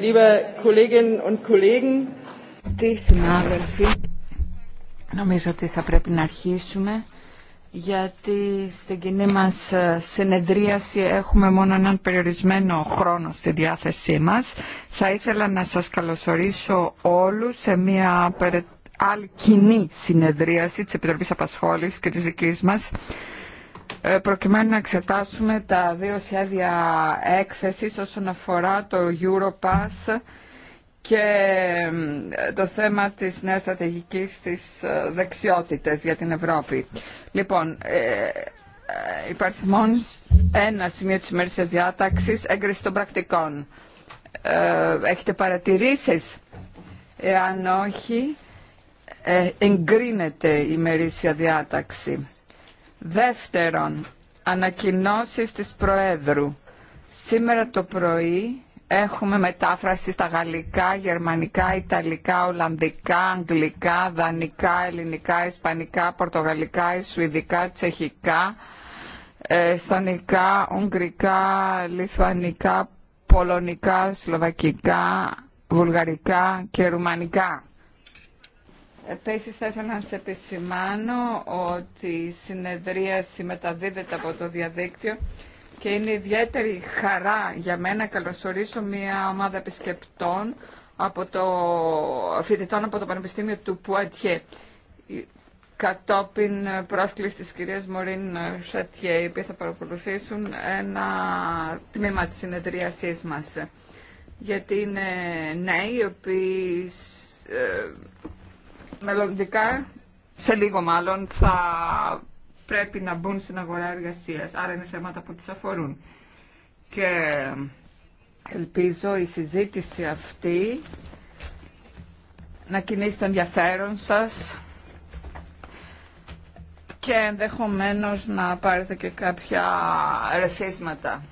Liebe Kolleginnen und Kollegen, συνάδελφοι, νομίζω ότι θα πρέπει να αρχίσουμε γιατί στην κοινή μας ε, συνεδρίαση έχουμε μόνο έναν περιορισμένο χρόνο στη διάθεσή μας. Θα ήθελα να σας καλωσορίσω όλους σε μια άλλη κοινή συνεδρίαση της Επιτροπής Απασχόλησης και της δικής μας ε, προκειμένου να εξετάσουμε τα δύο σχέδια έκθεσης όσον αφορά το Europass και το θέμα της νέας στρατηγικής της ε, δεξιότητες για την Ευρώπη. Λοιπόν, ε, υπάρχει μόνο ένα σημείο της ημέρησης διάταξης, έγκριση των πρακτικών. Έχετε παρατηρήσεις? Εάν όχι, εγκρίνεται η ημερήσια διάταξη. Δεύτερον, ανακοινώσεις της Προέδρου. Σήμερα το πρωί έχουμε μετάφραση στα γαλλικά, γερμανικά, ιταλικά, ολλανδικά, αγγλικά, δανικά, ελληνικά, ισπανικά, πορτογαλικά, σουηδικά, τσεχικά, εστονικά, ουγγρικά, λιθουανικά, πολωνικά, σλοβακικά, βουλγαρικά και ρουμανικά. Επίσης θα ήθελα να σε επισημάνω ότι η συνεδρίαση μεταδίδεται από το διαδίκτυο και είναι ιδιαίτερη χαρά για μένα να καλωσορίσω μια ομάδα επισκεπτών από το, φοιτητών από το Πανεπιστήμιο του Πουατιέ κατόπιν πρόσκληση της κυρίας Μωρίν Σατιέ, οι οποίοι θα παρακολουθήσουν ένα τμήμα της συνεδρίασής μας. Γιατί είναι νέοι οι οποίοι ε, μελλοντικά, σε λίγο μάλλον, θα πρέπει να μπουν στην αγορά εργασία. Άρα είναι θέματα που του αφορούν. Και ελπίζω η συζήτηση αυτή να κινήσει το ενδιαφέρον σας και ενδεχομένως να πάρετε και κάποια ρεθίσματα.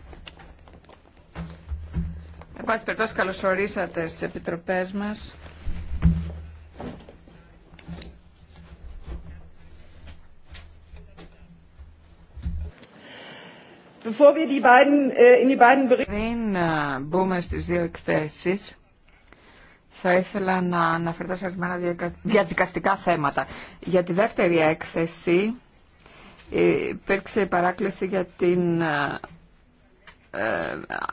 Εν πάση περιπτώσει καλωσορίσατε στις επιτροπές μας. Äh, Πριν ε, μπούμε στις δύο εκθέσεις, θα ήθελα να αναφερθώ σε ορισμένα διαδικαστικά θέματα. Για τη δεύτερη έκθεση ε, υπήρξε παράκληση για την ε,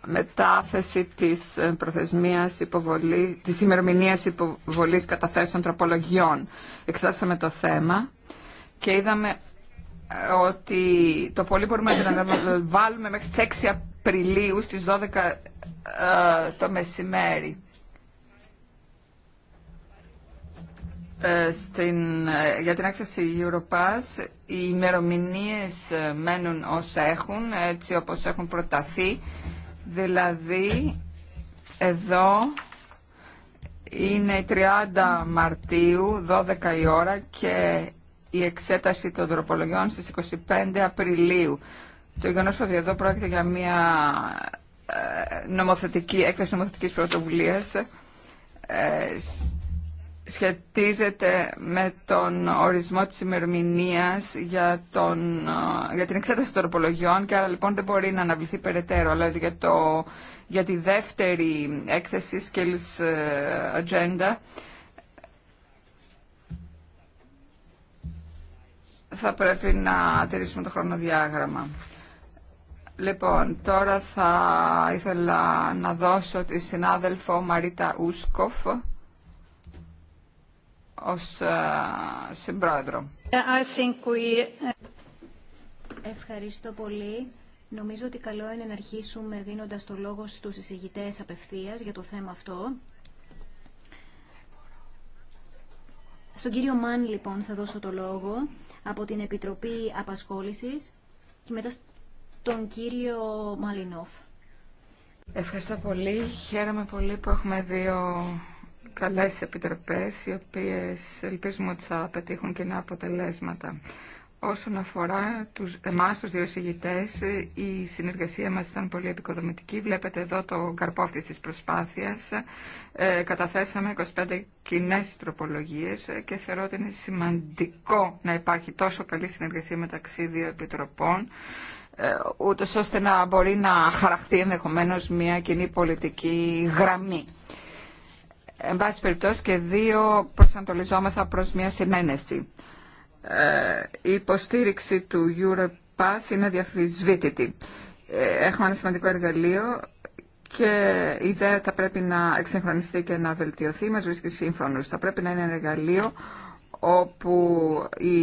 μετάθεση της προθεσμίας υποβολή, της ημερομηνίας υποβολής καταθέσεων τροπολογιών. Εξετάσαμε το θέμα και είδαμε ότι το πολύ μπορούμε να βάλουμε μέχρι τις 6 Απριλίου στις 12 ε, το μεσημέρι. Ε, στην, ε, για την έκθεση Europass οι ημερομηνίε μένουν όσα έχουν, έτσι όπως έχουν προταθεί. Δηλαδή, εδώ είναι 30 Μαρτίου, 12 η ώρα και η εξέταση των τροπολογιών στις 25 Απριλίου. Το γεγονό ότι εδώ πρόκειται για μια ε, νομοθετική, έκθεση νομοθετικής πρωτοβουλίας ε, σχετίζεται με τον ορισμό της ημερομηνία για, ε, για την εξέταση των τροπολογιών και άρα λοιπόν δεν μπορεί να αναβληθεί περαιτέρω, αλλά για, το, για τη δεύτερη έκθεση Skills Agenda θα πρέπει να τηρήσουμε το χρονοδιάγραμμα. Λοιπόν, τώρα θα ήθελα να δώσω τη συνάδελφο Μαρίτα Ούσκοφ ως ε, συμπρόεδρο. Ε, Ευχαριστώ πολύ. Νομίζω ότι καλό είναι να αρχίσουμε δίνοντας το λόγο στους εισηγητές απευθείας για το θέμα αυτό. Στον κύριο Μάν, λοιπόν, θα δώσω το λόγο από την Επιτροπή Απασχόλησης και μετά τον κύριο Μαλινόφ. Ευχαριστώ πολύ. Χαίρομαι πολύ που έχουμε δύο καλές επιτροπές, οι οποίες ελπίζουμε ότι θα πετύχουν κοινά αποτελέσματα. Όσον αφορά τους, εμάς τους δύο εισηγητές, η συνεργασία μας ήταν πολύ επικοδομητική. Βλέπετε εδώ το καρπό της προσπάθειας. Ε, καταθέσαμε 25 κοινέ τροπολογίες και θεωρώ ότι είναι σημαντικό να υπάρχει τόσο καλή συνεργασία μεταξύ δύο επιτροπών ε, ούτω ώστε να μπορεί να χαραχθεί ενδεχομένω μια κοινή πολιτική γραμμή. Εν πάση περιπτώσει και δύο προσανατολισόμεθα προς μια συνένεση. Ε, η υποστήριξη του Europass είναι διαφυσβήτητη. Ε, έχουμε ένα σημαντικό εργαλείο και η ιδέα θα πρέπει να εξεγχρονιστεί και να βελτιωθεί. Μας βρίσκει σύμφωνος. Θα πρέπει να είναι ένα εργαλείο όπου η,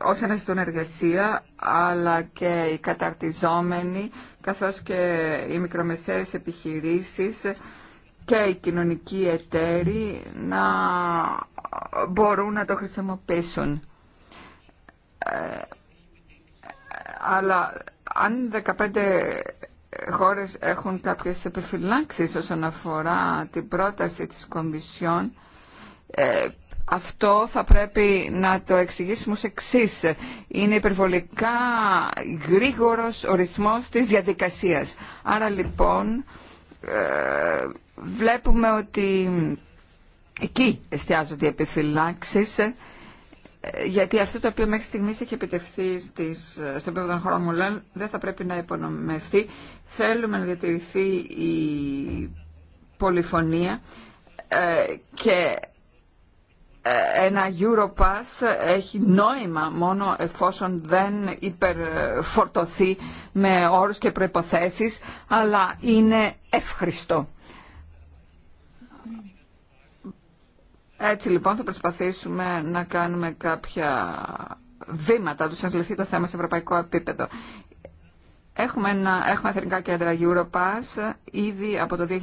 όσοι αναζητούν εργασία αλλά και οι καταρτιζόμενοι καθώς και οι μικρομεσαίες επιχειρήσεις και οι κοινωνικοί εταίροι να μπορούν να το χρησιμοποιήσουν. Ε, αλλά αν 15 χώρες έχουν κάποιες επιφυλάξεις όσον αφορά την πρόταση της Κομισιόν, ε, αυτό θα πρέπει να το εξηγήσουμε ως εξή. Είναι υπερβολικά γρήγορος ο ρυθμός της διαδικασίας. Άρα λοιπόν βλέπουμε ότι εκεί εστιάζονται οι επιφυλάξεις ε, γιατί αυτό το οποίο μέχρι στιγμή έχει επιτευχθεί στις, στο επίπεδο των δεν θα πρέπει να υπονομευθεί. Θέλουμε να διατηρηθεί η πολυφωνία ε, και ένα Europass έχει νόημα μόνο εφόσον δεν υπερφορτωθεί με όρους και προϋποθέσεις, αλλά είναι εύχριστο. Έτσι λοιπόν θα προσπαθήσουμε να κάνουμε κάποια βήματα, τους να το θέμα σε ευρωπαϊκό επίπεδο. Έχουμε, ένα, έχουμε εθνικά κέντρα Europass ήδη από το 2004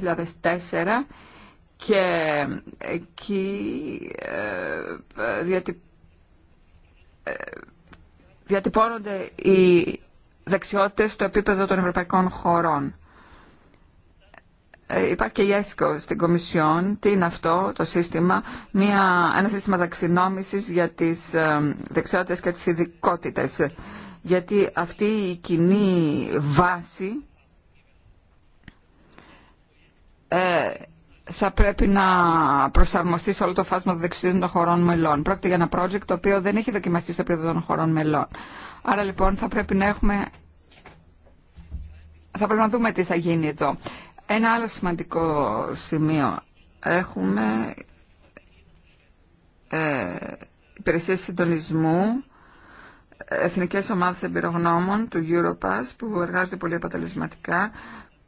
και εκεί ε, ε, ε, διατυπώνονται οι δεξιότητες στο επίπεδο των ευρωπαϊκών χωρών. Υπάρχει και η ΕΣΚΟ στην Κομισιόν. Τι είναι αυτό το σύστημα. Μια, ένα σύστημα ταξινόμησης για τις δεξιότητες και τις ειδικότητε. Γιατί αυτή η κοινή βάση θα πρέπει να προσαρμοστεί σε όλο το φάσμα των των χωρών μελών. Πρόκειται για ένα project το οποίο δεν έχει δοκιμαστεί στο επίπεδο των χωρών μελών. Άρα λοιπόν θα πρέπει να έχουμε... Θα πρέπει να δούμε τι θα γίνει εδώ. Ένα άλλο σημαντικό σημείο. Έχουμε ε, υπηρεσίες συντονισμού, εθνικές ομάδες εμπειρογνώμων του Europass που εργάζονται πολύ αποτελεσματικά,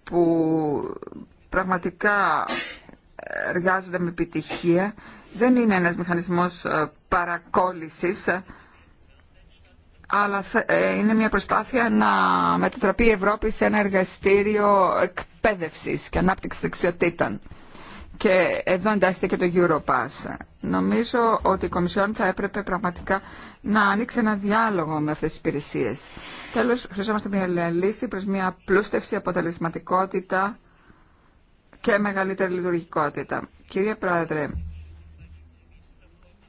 που πραγματικά εργάζονται με επιτυχία. Δεν είναι ένας μηχανισμός ε, παρακόλλησης, ε, αλλά ε, είναι μια προσπάθεια να μετατραπεί η Ευρώπη σε ένα εργαστήριο εκπαίδευσης και ανάπτυξης δεξιοτήτων. Και εδώ εντάσσεται και το Europass. Νομίζω ότι η Κομισιόν θα έπρεπε πραγματικά να ανοίξει ένα διάλογο με αυτές τις υπηρεσίες. Τέλος, χρειαζόμαστε μια λύση προς μια πλούστευση αποτελεσματικότητα και μεγαλύτερη λειτουργικότητα. Κυρία Πρόεδρε,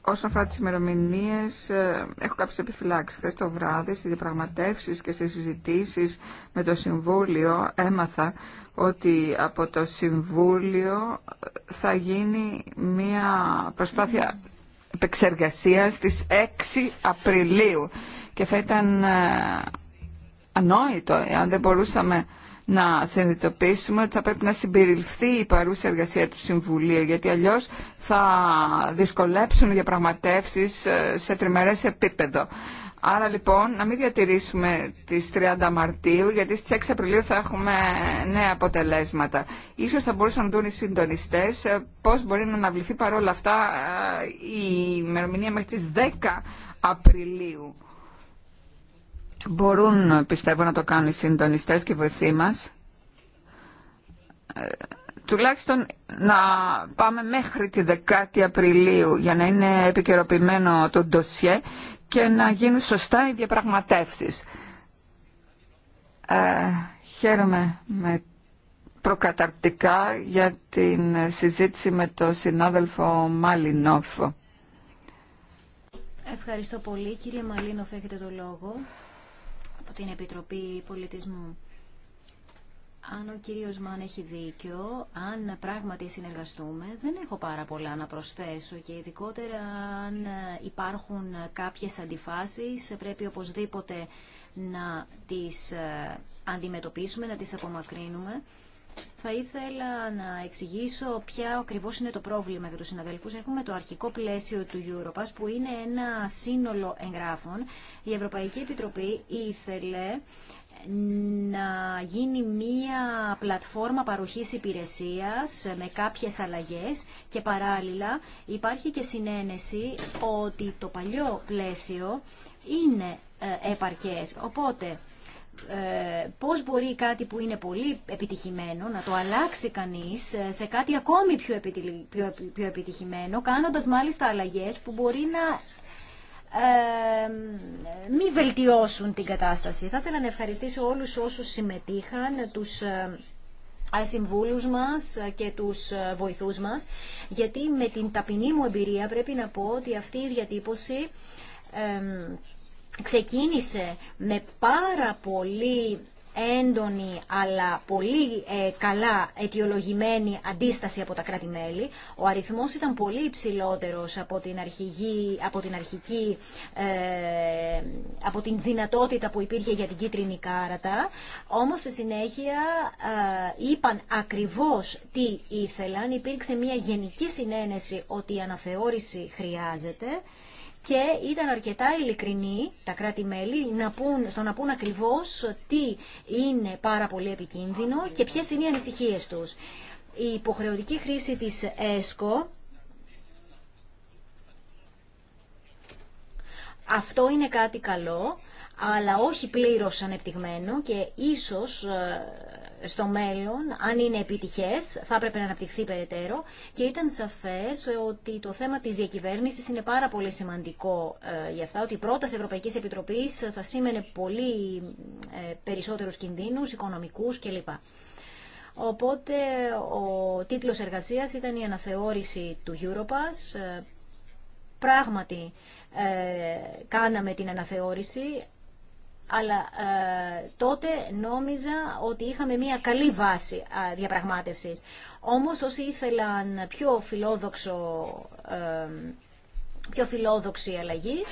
όσον αφορά τι ημερομηνίε, ε, έχω κάποιε επιφυλάξει. Χθε το βράδυ, στι διαπραγματεύσει και στι συζητήσει με το Συμβούλιο, έμαθα ότι από το Συμβούλιο θα γίνει μια προσπάθεια επεξεργασία στι 6 Απριλίου και θα ήταν ε, ανόητο αν δεν μπορούσαμε να συνειδητοποιήσουμε ότι θα πρέπει να συμπεριληφθεί η παρούσα εργασία του Συμβουλίου, γιατί αλλιώς θα δυσκολέψουν διαπραγματεύσεις ε, σε τριμερές επίπεδο. Άρα λοιπόν να μην διατηρήσουμε τις 30 Μαρτίου γιατί στις 6 Απριλίου θα έχουμε νέα αποτελέσματα. Ίσως θα μπορούσαν να δουν οι συντονιστές ε, πώς μπορεί να αναβληθεί παρόλα αυτά ε, η ημερομηνία μέχρι τις 10 Απριλίου. Μπορούν, πιστεύω, να το κάνουν οι συντονιστές και οι βοηθοί μας. Ε, τουλάχιστον να πάμε μέχρι τη 10η Απριλίου για να είναι επικαιροποιημένο το ντοσιέ και να γίνουν σωστά οι διαπραγματεύσεις. Ε, χαίρομαι με προκαταρτικά για την συζήτηση με τον συνάδελφο Μαλινόφ. Ευχαριστώ πολύ. Κύριε Μαλίνοφ, έχετε το λόγο από την Επιτροπή Πολιτισμού. Αν ο κύριος Μάν έχει δίκιο, αν πράγματι συνεργαστούμε, δεν έχω πάρα πολλά να προσθέσω και ειδικότερα αν υπάρχουν κάποιες αντιφάσεις, πρέπει οπωσδήποτε να τις ε, αντιμετωπίσουμε, να τις απομακρύνουμε. Θα ήθελα να εξηγήσω ποια ακριβώς είναι το πρόβλημα για τους συναδελφούς. Έχουμε το αρχικό πλαίσιο του Europass που είναι ένα σύνολο εγγράφων. Η Ευρωπαϊκή Επιτροπή ήθελε να γίνει μία πλατφόρμα παροχής υπηρεσίας με κάποιες αλλαγές και παράλληλα υπάρχει και συνένεση ότι το παλιό πλαίσιο είναι ε, επαρκές. Οπότε ε, πώς μπορεί κάτι που είναι πολύ επιτυχημένο να το αλλάξει κανείς ε, σε κάτι ακόμη πιο, πιο, πιο επιτυχημένο, κάνοντας μάλιστα αλλαγές που μπορεί να ε, μη βελτιώσουν την κατάσταση. Θα ήθελα να ευχαριστήσω όλους όσους συμμετείχαν, τους ε, συμβούλους μας και τους ε, βοηθούς μας, γιατί με την ταπεινή μου εμπειρία πρέπει να πω ότι αυτή η διατύπωση ξεκίνησε με πάρα πολύ έντονη αλλά πολύ ε, καλά αιτιολογημένη αντίσταση από τα κράτη-μέλη. Ο αριθμός ήταν πολύ υψηλότερος από την, αρχηγή, από την αρχική, ε, από την δυνατότητα που υπήρχε για την κίτρινη κάρατα. Όμως στη συνέχεια ε, είπαν ακριβώς τι ήθελαν. Υπήρξε μια γενική συνένεση ότι η αναθεώρηση χρειάζεται και ήταν αρκετά ειλικρινοί τα κράτη-μέλη να πούν, στο να πούν ακριβώς τι είναι πάρα πολύ επικίνδυνο και ποιες είναι οι ανησυχίες τους. Η υποχρεωτική χρήση της ΕΣΚΟ αυτό είναι κάτι καλό αλλά όχι πλήρως ανεπτυγμένο και ίσως ε, στο μέλλον, αν είναι επιτυχές, θα έπρεπε να αναπτυχθεί περαιτέρω και ήταν σαφές ότι το θέμα της διακυβέρνησης είναι πάρα πολύ σημαντικό ε, για αυτά, ότι η πρόταση Ευρωπαϊκή Επιτροπή θα σήμαινε πολύ ε, περισσότερους κινδύνους, οικονομικούς κλπ. Οπότε ο τίτλος εργασίας ήταν η αναθεώρηση του Europass. Ε, πράγματι, κάναμε την αναθεώρηση, αλλά ε, τότε νόμιζα ότι είχαμε μια καλή βάση ε, διαπραγμάτευσης. Όμως όσοι ήθελαν πιο φιλόδοξο ε, πιο φιλόδοξη αλλαγή.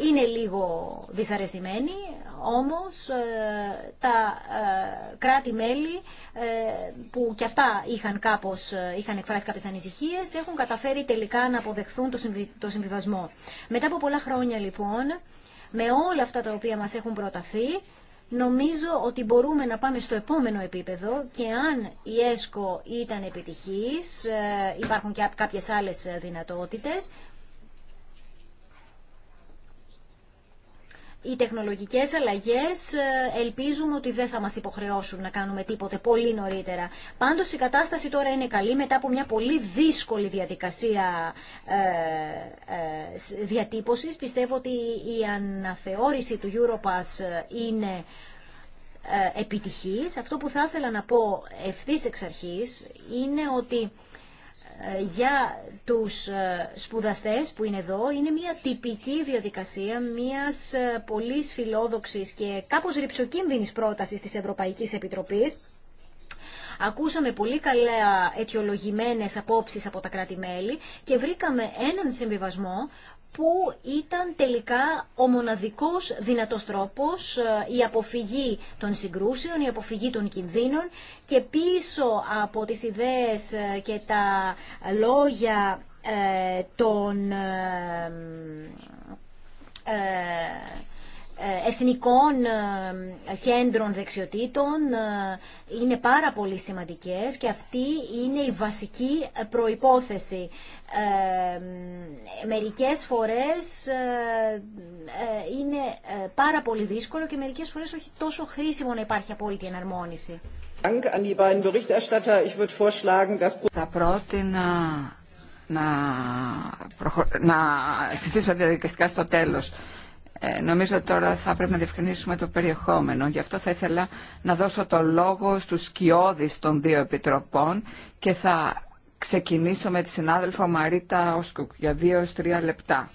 Ε, είναι λίγο δυσαρεστημένοι. όμως τα κράτη-μέλη που και αυτά είχαν, κάπως, είχαν εκφράσει κάποιες ανησυχίες έχουν καταφέρει τελικά να αποδεχθούν το συμβιβασμό. Μετά από πολλά χρόνια λοιπόν με όλα αυτά τα οποία μας έχουν προταθεί, νομίζω ότι μπορούμε να πάμε στο επόμενο επίπεδο και αν η ΕΣΚΟ ήταν επιτυχής, ε, υπάρχουν και κάποιες άλλες δυνατότητες, οι τεχνολογικές αλλαγές ε, ελπίζουμε ότι δεν θα μας υποχρεώσουν να κάνουμε τίποτε πολύ νωρίτερα. Πάντως η κατάσταση τώρα είναι καλή μετά από μια πολύ δύσκολη διαδικασία ε, ε, διατύπωσης. Πιστεύω ότι η αναθεώρηση του Europass είναι επιτυχής. Αυτό που θα ήθελα να πω ευθύς εξ αρχής είναι ότι για τους ε, σπουδαστές που είναι εδώ είναι μια τυπική διαδικασία μιας ε, πολύ φιλόδοξης και κάπως ρηψοκίνδυνης πρότασης της Ευρωπαϊκής Επιτροπής. Ακούσαμε πολύ καλά αιτιολογημένες απόψεις από τα κράτη-μέλη και βρήκαμε έναν συμβιβασμό που ήταν τελικά ο μοναδικός δυνατός τρόπος ε, η αποφυγή των συγκρούσεων, η αποφυγή των κινδύνων και πίσω από τις ιδέες ε, και τα λόγια ε, των ε, εθνικών ε, κέντρων δεξιοτήτων ε, είναι πάρα πολύ σημαντικές και αυτή είναι η βασική προϋπόθεση. Μερικές φορές είναι πάρα πολύ δύσκολο και μερικές φορές όχι τόσο χρήσιμο να υπάρχει απόλυτη εναρμόνιση. Θα πρότεινα να, προχω... να συστήσω διαδικαστικά στο τέλος. Ε, νομίζω τώρα θα πρέπει να διευκρινίσουμε το περιεχόμενο. Γι' αυτό θα ήθελα να δώσω το λόγο στους σκιώδεις των δύο επιτροπών και θα ξεκινήσω με τη συνάδελφο Μαρίτα Όσκουκ για δύο τρία λεπτά.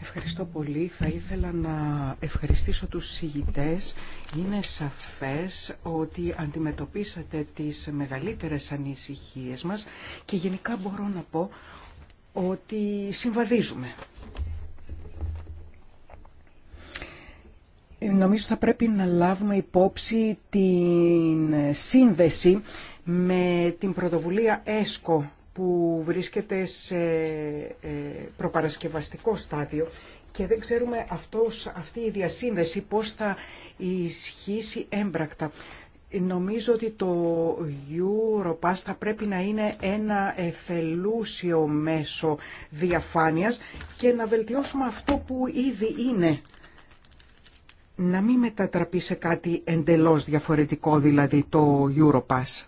Ευχαριστώ πολύ. Θα ήθελα να ευχαριστήσω τους συγητές. Είναι σαφές ότι αντιμετωπίσατε τις μεγαλύτερες ανησυχίες μας και γενικά μπορώ να πω ότι συμβαδίζουμε Νομίζω θα πρέπει να λάβουμε υπόψη την σύνδεση με την πρωτοβουλία ΕΣΚΟ που βρίσκεται σε ε, προπαρασκευαστικό στάδιο και δεν ξέρουμε αυτός, αυτή η διασύνδεση πώς θα ισχύσει έμπρακτα. Νομίζω ότι το Europass θα πρέπει να είναι ένα εθελούσιο μέσο διαφάνειας και να βελτιώσουμε αυτό που ήδη είναι να μην μετατραπεί σε κάτι εντελώς διαφορετικό, δηλαδή το Europass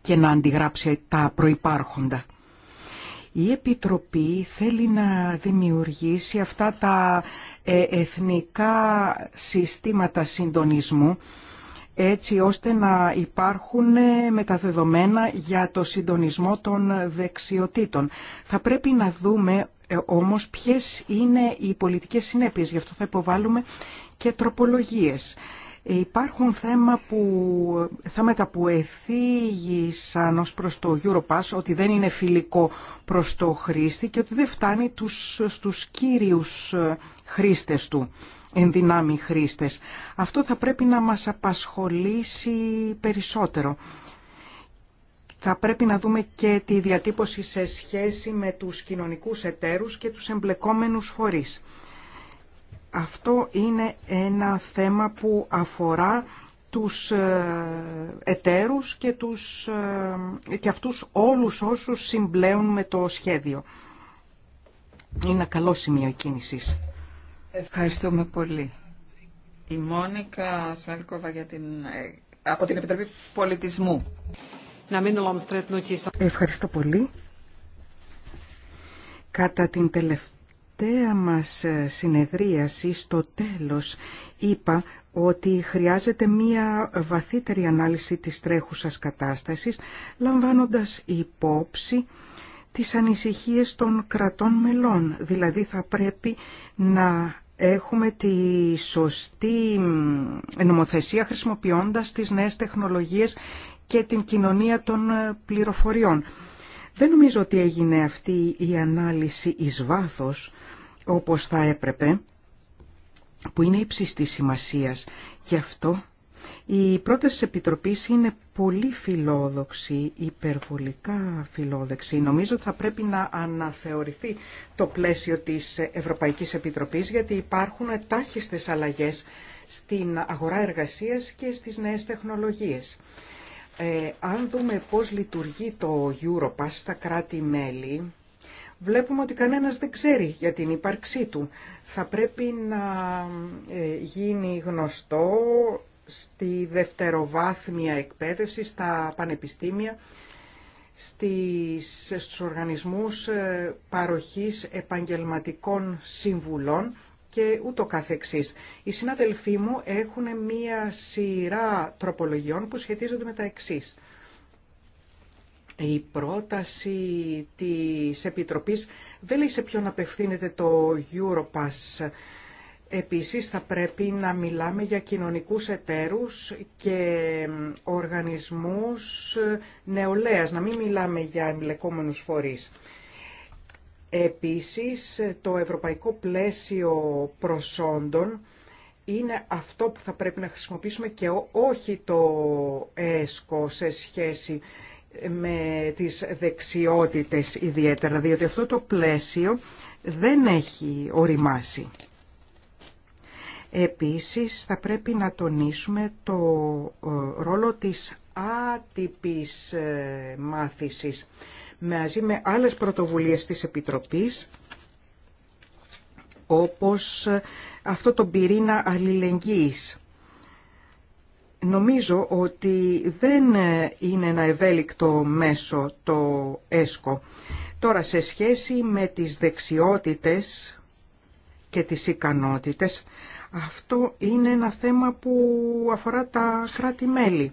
και να αντιγράψει τα προϋπάρχοντα. Η Επιτροπή θέλει να δημιουργήσει αυτά τα ε, εθνικά συστήματα συντονισμού έτσι ώστε να υπάρχουν ε, μεταδεδομένα για το συντονισμό των δεξιοτήτων. Θα πρέπει να δούμε ε, όμως ποιες είναι οι πολιτικές συνέπειες, γι' αυτό θα υποβάλουμε και τροπολογίες. Ε, υπάρχουν θέμα που, θέματα που ως προς το Europass ότι δεν είναι φιλικό προς το χρήστη και ότι δεν φτάνει τους, στους κύριους ε, χρήστες του, ενδυνάμει χρήστες. Αυτό θα πρέπει να μας απασχολήσει περισσότερο. Θα πρέπει να δούμε και τη διατύπωση σε σχέση με τους κοινωνικούς εταίρους και τους εμπλεκόμενους φορείς. Αυτό είναι ένα θέμα που αφορά τους ε, εταίρους και, τους, ε, και αυτούς όλους όσους συμπλέουν με το σχέδιο. Είναι ένα καλό σημείο κίνησης. Ευχαριστούμε πολύ. Η Μόνικα Σμέρκοβα για την, ε, από την Επιτροπή Πολιτισμού. Ευχαριστώ πολύ. Κατά την τελευταία μας ε, συνεδρίαση, στο τέλος, είπα ότι χρειάζεται μία βαθύτερη ανάλυση της τρέχουσας κατάστασης, λαμβάνοντας υπόψη τις ανησυχίες των κρατών μελών. Δηλαδή θα πρέπει να έχουμε τη σωστή νομοθεσία χρησιμοποιώντας τις νέες τεχνολογίες και την κοινωνία των ε, πληροφοριών. Δεν νομίζω ότι έγινε αυτή η ανάλυση εις βάθος όπως θα έπρεπε, που είναι ύψης της σημασίας. Γι' αυτό η πρόταση της είναι πολύ φιλόδοξη, υπερβολικά φιλόδοξη. Νομίζω ότι θα πρέπει να αναθεωρηθεί το πλαίσιο της Ευρωπαϊκής Επιτροπής, γιατί υπάρχουν τάχιστες αλλαγές στην αγορά εργασίας και στις νέες τεχνολογίες. Ε, αν δούμε πώς λειτουργεί το Europass στα κράτη-μέλη, βλέπουμε ότι κανένας δεν ξέρει για την ύπαρξή του. Θα πρέπει να ε, γίνει γνωστό στη δευτεροβάθμια εκπαίδευση, στα πανεπιστήμια, στις, στους οργανισμούς ε, παροχής επαγγελματικών συμβουλών και ούτω καθεξής. Οι συνάδελφοί μου έχουν μία σειρά τροπολογιών που σχετίζονται με τα εξής. Η πρόταση της Επιτροπής δεν λέει σε ποιον απευθύνεται το Europass. Επίσης θα πρέπει να μιλάμε για κοινωνικούς εταίρους και οργανισμούς νεολαίας, να μην μιλάμε για εμπλεκόμενους φορείς. Επίσης, το ευρωπαϊκό πλαίσιο προσόντων είναι αυτό που θα πρέπει να χρησιμοποιήσουμε και όχι το ΕΣΚΟ σε σχέση με τις δεξιότητες ιδιαίτερα, διότι αυτό το πλαίσιο δεν έχει οριμάσει. Επίσης, θα πρέπει να τονίσουμε το ε, ρόλο της άτυπης ε, μάθησης μαζί με άλλες πρωτοβουλίες της Επιτροπής, όπως αυτό το πυρήνα αλληλεγγύης. Νομίζω ότι δεν είναι ένα ευέλικτο μέσο το ΕΣΚΟ. Τώρα, σε σχέση με τις δεξιότητες και τις ικανότητες, αυτό είναι ένα θέμα που αφορά τα κράτη-μέλη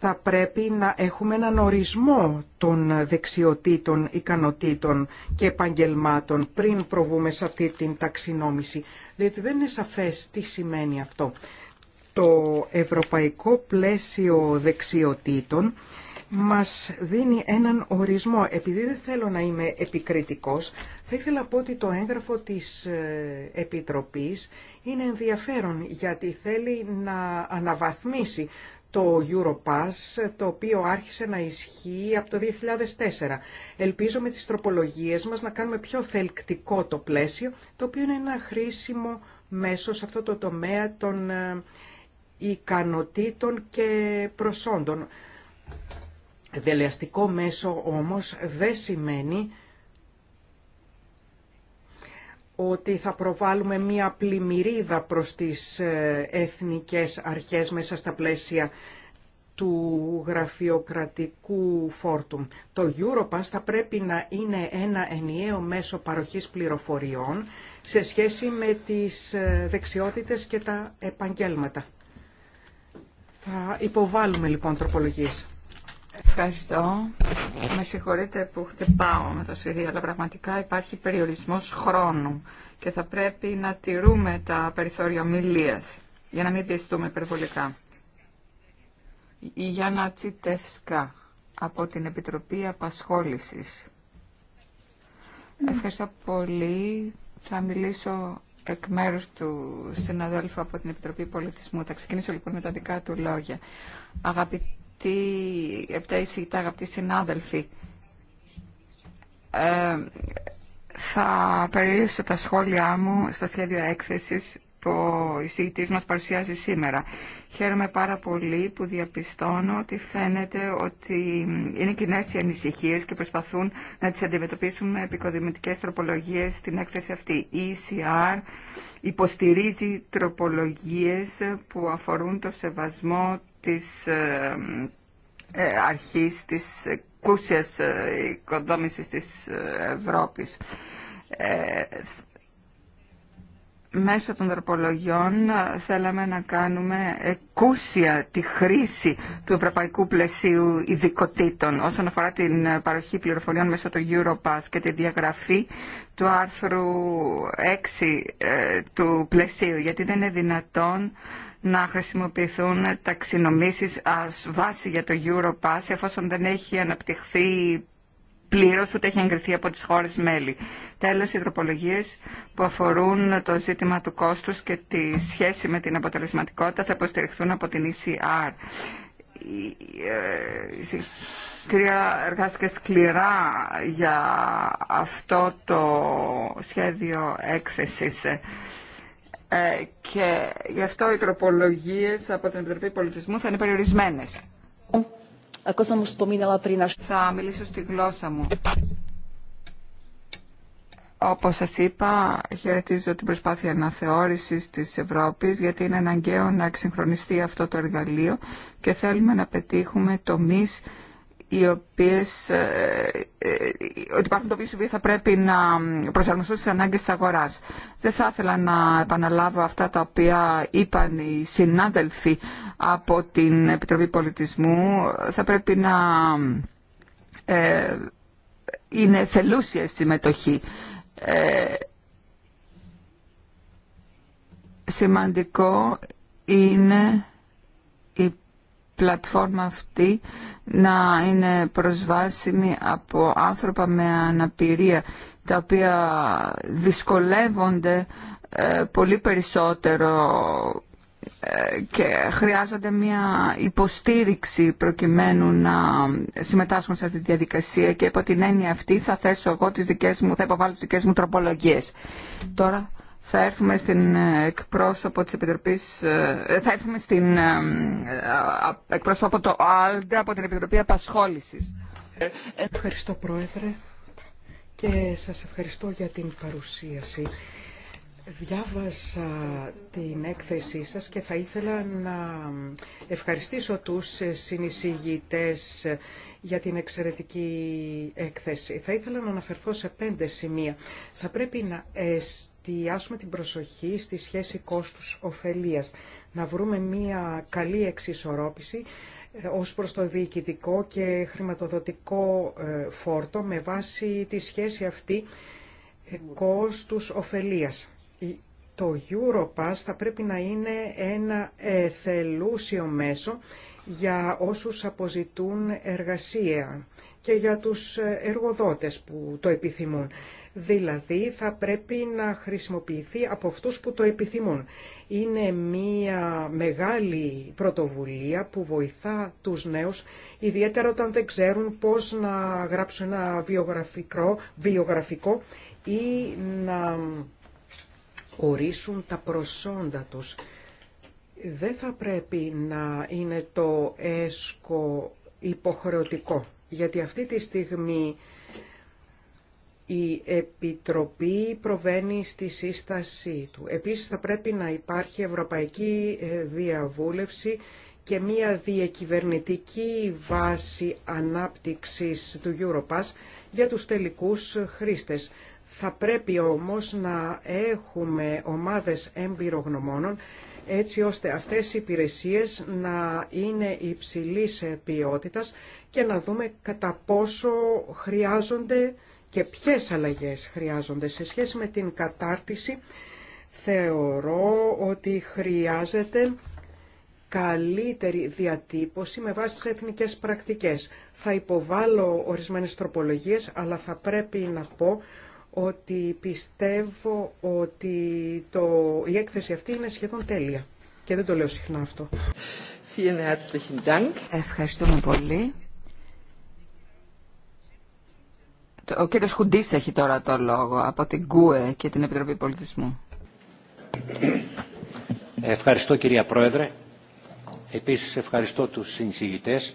θα πρέπει να έχουμε έναν ορισμό των δεξιοτήτων, ικανοτήτων και επαγγελμάτων πριν προβούμε σε αυτή την ταξινόμηση, διότι δεν είναι σαφές τι σημαίνει αυτό. Το ευρωπαϊκό πλαίσιο δεξιοτήτων μας δίνει έναν ορισμό. Επειδή δεν θέλω να είμαι επικριτικός, θα ήθελα να πω ότι το έγγραφο της ε, Επιτροπής είναι ενδιαφέρον γιατί θέλει να αναβαθμίσει το Europass, το οποίο άρχισε να ισχύει από το 2004. Ελπίζω με τις τροπολογίες μας να κάνουμε πιο θελκτικό το πλαίσιο, το οποίο είναι ένα χρήσιμο μέσο σε αυτό το τομέα των ε, ικανοτήτων και προσόντων. Δελεαστικό μέσο όμως δεν σημαίνει ότι θα προβάλλουμε μία πλημμυρίδα προς τις ε, εθνικές αρχές μέσα στα πλαίσια του γραφειοκρατικού φόρτου. Το Europass θα πρέπει να είναι ένα ενιαίο μέσο παροχής πληροφοριών σε σχέση με τις ε, δεξιότητες και τα επαγγέλματα. Θα υποβάλουμε λοιπόν τροπολογίες. Ευχαριστώ. Με συγχωρείτε που χτυπάω με το σφυρί, αλλά πραγματικά υπάρχει περιορισμός χρόνου και θα πρέπει να τηρούμε τα περιθώρια ομιλίας για να μην πιεστούμε υπερβολικά. Η Γιάννα Τσιτεύσκα από την Επιτροπή Απασχόλησης. Ευχαριστώ πολύ. Θα μιλήσω εκ μέρου του συναδέλφου από την Επιτροπή Πολιτισμού. Θα ξεκινήσω λοιπόν με τα δικά του λόγια. Αγαπητοί τι εισηγητά, αγαπητοί συνάδελφοι, ε, θα περιορίσω τα σχόλιά μου στο σχέδιο έκθεσης που ο εισηγητής μας παρουσιάζει σήμερα. Χαίρομαι πάρα πολύ που διαπιστώνω ότι φαίνεται ότι είναι κοινέ οι ανησυχίες και προσπαθούν να τις αντιμετωπίσουν με επικοδημητικές τροπολογίες στην έκθεση αυτή. Η ECR υποστηρίζει τροπολογίες που αφορούν το σεβασμό της ε, ε, αρχής της κούσιας ε, οικοδόμησης της Ευρώπης. Μέσω των τροπολογιών θέλαμε να κάνουμε κούσια τη χρήση του ευρωπαϊκού πλαισίου ειδικοτήτων όσον αφορά την παροχή πληροφοριών μέσω του Europass και τη διαγραφή του άρθρου 6 του πλαισίου, γιατί δεν είναι δυνατόν να χρησιμοποιηθούν ταξινομήσεις ως βάση για το Europass εφόσον δεν έχει αναπτυχθεί πλήρω ούτε έχει εγκριθεί από τι χώρε μέλη. Τέλο, οι τροπολογίε που αφορούν το ζήτημα του κόστου και τη σχέση με την αποτελεσματικότητα θα υποστηριχθούν από την ECR. Ε, η κυρία εργάστηκε σκληρά για αυτό το σχέδιο έκθεσης. Ε, και γι' αυτό οι τροπολογίε από την Επιτροπή Πολιτισμού θα είναι περιορισμένε. Θα μιλήσω στη γλώσσα μου. Όπως σας είπα, χαιρετίζω την προσπάθεια αναθεώρησης της Ευρώπης γιατί είναι αναγκαίο να εξυγχρονιστεί αυτό το εργαλείο και θέλουμε να πετύχουμε το τομείς οι οποίες, ε, ε, ότι υπάρχουν τοπίες που θα πρέπει να προσαρμοστούν στις ανάγκες της αγοράς. Δεν θα ήθελα να επαναλάβω αυτά τα οποία είπαν οι συνάδελφοι από την Επιτροπή Πολιτισμού. Θα πρέπει να ε, είναι θελούσια συμμετοχή. σημαντικό είναι η πλατφόρμα αυτή να είναι προσβάσιμη από άνθρωπα με αναπηρία τα οποία δυσκολεύονται ε, πολύ περισσότερο ε, και χρειάζονται μια υποστήριξη προκειμένου να συμμετάσχουν σε αυτή τη διαδικασία και υπό την έννοια αυτή θα θέσω εγώ τις δικές μου, θα υποβάλω τις δικές μου τροπολογίες. Τώρα θα έρθουμε στην ε, εκπρόσωπο της Επιτροπής, ε, θα έρθουμε στην ε, εκπρόσωπο από το ΑΛΔΑ, από την Επιτροπή Απασχόλησης. Ευχαριστώ Πρόεδρε και σας ευχαριστώ για την παρουσίαση. Διάβασα την έκθεσή σας και θα ήθελα να ευχαριστήσω τους συνεισηγητές για την εξαιρετική έκθεση. Θα ήθελα να αναφερθώ σε πέντε σημεία. Θα πρέπει να εστιάσουμε την προσοχή στη σχέση κόστους-οφελίας, να βρούμε μία καλή εξισορρόπηση ε, ως προς το διοικητικό και χρηματοδοτικό ε, φόρτο με βάση τη σχέση αυτή ε, κόστους-οφελίας. Το Europass θα πρέπει να είναι ένα θελούσιο μέσο για όσους αποζητούν εργασία και για τους εργοδότες που το επιθυμούν δηλαδή θα πρέπει να χρησιμοποιηθεί από αυτούς που το επιθυμούν. Είναι μια μεγάλη πρωτοβουλία που βοηθά τους νέους, ιδιαίτερα όταν δεν ξέρουν πώς να γράψουν ένα βιογραφικό, βιογραφικό ή να ορίσουν τα προσόντα τους. Δεν θα πρέπει να είναι το έσκο υποχρεωτικό, γιατί αυτή τη στιγμή η Επιτροπή προβαίνει στη σύστασή του. Επίσης θα πρέπει να υπάρχει ευρωπαϊκή ε, διαβούλευση και μία διακυβερνητική βάση ανάπτυξης του Europass για τους τελικούς χρήστες. Θα πρέπει όμως να έχουμε ομάδες εμπειρογνωμόνων έτσι ώστε αυτές οι υπηρεσίες να είναι υψηλής ποιότητας και να δούμε κατά πόσο χρειάζονται και ποιες αλλαγές χρειάζονται σε σχέση με την κατάρτιση θεωρώ ότι χρειάζεται καλύτερη διατύπωση με βάση τις εθνικές πρακτικές. Θα υποβάλω ορισμένες τροπολογίες, αλλά θα πρέπει να πω ότι πιστεύω ότι το... η έκθεση αυτή είναι σχεδόν τέλεια. Και δεν το λέω συχνά αυτό. Ευχαριστούμε πολύ. Ο κύριος Χουντής έχει τώρα το λόγο από την ΚΟΕ και την Επιτροπή Πολιτισμού. Ευχαριστώ κυρία Πρόεδρε. Επίσης ευχαριστώ τους συνεισηγητές.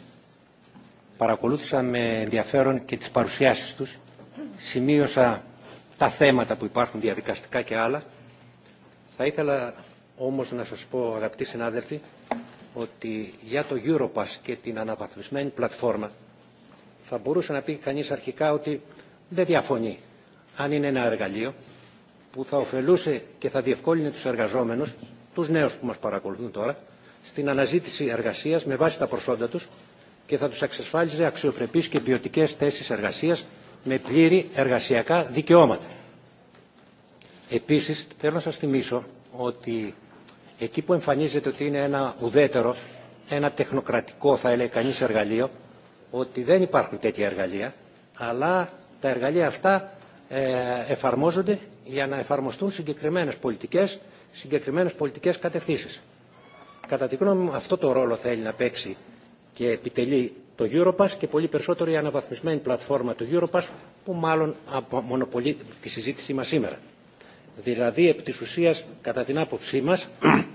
Παρακολούθησα με ενδιαφέρον και τις παρουσιάσεις τους. Σημείωσα τα θέματα που υπάρχουν διαδικαστικά και άλλα. Θα ήθελα όμως να σας πω αγαπητοί συνάδελφοι ότι για το Europass και την αναβαθμισμένη πλατφόρμα θα μπορούσε να πει κανείς αρχικά ότι δεν διαφωνεί αν είναι ένα εργαλείο που θα ωφελούσε και θα διευκόλυνε τους εργαζόμενους, τους νέους που μας παρακολουθούν τώρα, στην αναζήτηση εργασίας με βάση τα προσόντα τους και θα τους εξασφάλιζε αξιοπρεπείς και ποιοτικέ θέσεις εργασίας με πλήρη εργασιακά δικαιώματα. Επίσης, θέλω να σας θυμίσω ότι εκεί που εμφανίζεται ότι είναι ένα ουδέτερο, ένα τεχνοκρατικό, θα έλεγε κανείς, εργαλείο, ότι δεν υπάρχουν τέτοια εργαλεία, αλλά τα εργαλεία αυτά ε, εφαρμόζονται για να εφαρμοστούν συγκεκριμένες πολιτικές, συγκεκριμένες πολιτικές κατευθύνσεις. Κατά τη γνώμη μου αυτό το ρόλο θέλει να παίξει και επιτελεί το Europass και πολύ περισσότερο η αναβαθμισμένη πλατφόρμα του Europass που μάλλον μονοπολεί τη συζήτησή μας σήμερα. Δηλαδή, επί της ουσίας, κατά την άποψή μας,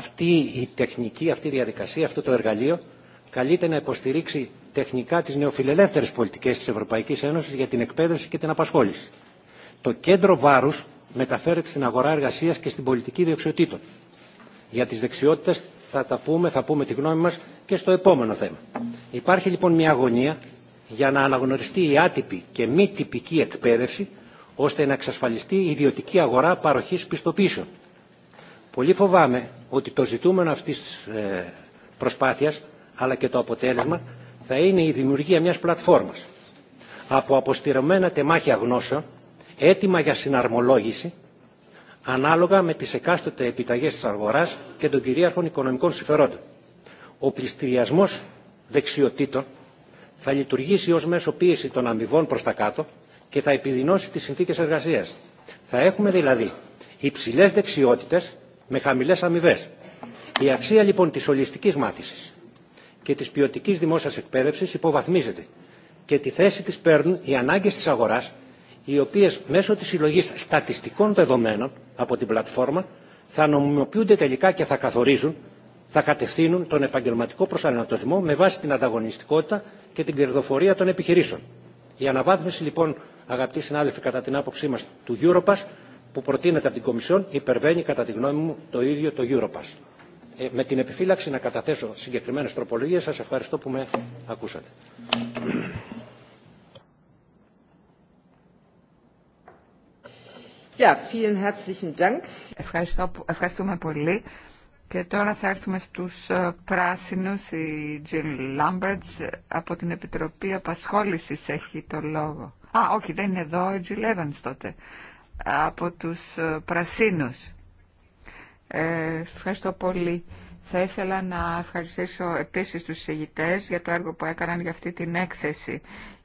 αυτή η τεχνική, αυτή η διαδικασία, αυτό το εργαλείο καλείται να υποστηρίξει τεχνικά τις νεοφιλελεύθερες πολιτικές της Ευρωπαϊκής Ένωσης για την εκπαίδευση και την απασχόληση. Το κέντρο βάρους μεταφέρεται στην αγορά εργασίας και στην πολιτική δεξιοτήτων. Για τις δεξιότητες θα τα πούμε, θα πούμε τη γνώμη μας και στο επόμενο θέμα. Υπάρχει λοιπόν μια αγωνία για να αναγνωριστεί η άτυπη και μη τυπική εκπαίδευση ώστε να εξασφαλιστεί η ιδιωτική αγορά παροχής πιστοποίησεων. Πολύ φοβάμαι ότι το ζητούμενο αυτής της ε, προσπάθειας αλλά και το αποτέλεσμα θα είναι η δημιουργία μιας πλατφόρμας από αποστηρωμένα τεμάχια γνώσεων, έτοιμα για συναρμολόγηση, ανάλογα με τις εκάστοτε επιταγές της αγοράς και των κυρίαρχων οικονομικών συμφερόντων. Ο πληστηριασμός δεξιοτήτων θα λειτουργήσει ως μέσο πίεση των αμοιβών προς τα κάτω και θα επιδεινώσει τις συνθήκες εργασίας. Θα έχουμε δηλαδή υψηλές δεξιότητες με χαμηλές αμοιβέ. Η αξία λοιπόν της ολιστικής μάθησης και της ποιοτική δημόσιας εκπαίδευσης υποβαθμίζεται και τη θέση της παίρνουν οι ανάγκες της αγοράς, οι οποίες μέσω της συλλογής στατιστικών δεδομένων από την πλατφόρμα θα νομιμοποιούνται τελικά και θα καθορίζουν, θα κατευθύνουν τον επαγγελματικό προσανατολισμό με βάση την ανταγωνιστικότητα και την κερδοφορία των επιχειρήσεων. Η αναβάθμιση λοιπόν, αγαπητοί συνάδελφοι, κατά την άποψή μας του Europass που προτείνεται από την Κομισιόν υπερβαίνει κατά τη γνώμη μου το ίδιο το Europass. Ε, με την επιφύλαξη να καταθέσω συγκεκριμένες τροπολογίες. Σας ευχαριστώ που με ακούσατε. Ευχαριστώ, ευχαριστούμε πολύ. Και τώρα θα έρθουμε στους ε, πράσινους. Η Jill Lambert ε, από την Επιτροπή Απασχόλησης έχει το λόγο. Α, όχι, δεν είναι εδώ η Jill Evans τότε. Από τους πρασίνους. Ε, ευχαριστώ πολύ. Θα ήθελα να ευχαριστήσω επίσης τους συγητές για το έργο που έκαναν για αυτή την έκθεση.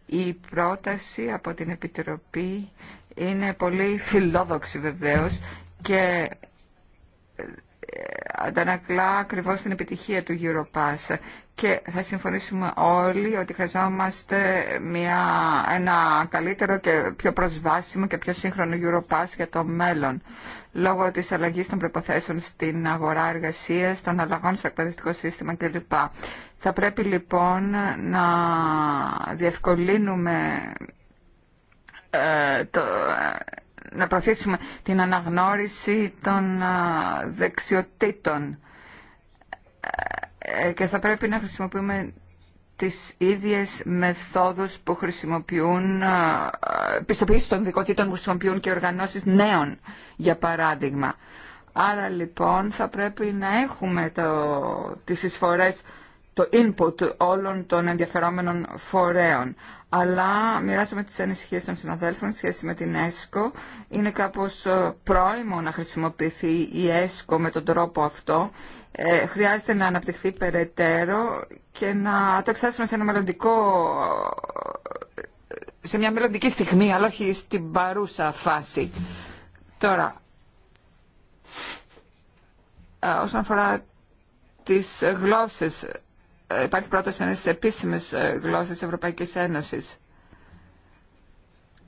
Η πρόταση από την Επιτροπή είναι πολύ φιλόδοξη βεβαίως και αντανακλά ακριβώς την επιτυχία του Europass και θα συμφωνήσουμε όλοι ότι χρειαζόμαστε μια, ένα καλύτερο και πιο προσβάσιμο και πιο σύγχρονο Europass για το μέλλον λόγω της αλλαγής των προποθέσεων στην αγορά εργασίας, των αλλαγών στο εκπαιδευτικό σύστημα κλπ. Θα πρέπει λοιπόν να διευκολύνουμε ε, το, να προωθήσουμε την αναγνώριση των δεξιοτήτων ε, και θα πρέπει να χρησιμοποιούμε τις ίδιες μεθόδους που χρησιμοποιούν πιστοποίηση των δικοτήτων που χρησιμοποιούν και οργανώσεις νέων για παράδειγμα. Άρα λοιπόν θα πρέπει να έχουμε το, τις εισφορές το input όλων των ενδιαφερόμενων φορέων. Αλλά μοιράζομαι τις ανησυχίες των συναδέλφων σχέση με την ΕΣΚΟ. Είναι κάπως ε, πρόημο να χρησιμοποιηθεί η ΕΣΚΟ με τον τρόπο αυτό. Ε, χρειάζεται να αναπτυχθεί περαιτέρω και να το εξάσουμε σε ένα μελλοντικό ε, σε μια μελλοντική στιγμή, αλλά όχι στην παρούσα φάση. Τώρα, όσον αφορά τις γλώσσες υπάρχει πρόταση να στις επίσημες ε, γλώσσες Ευρωπαϊκής Ένωσης.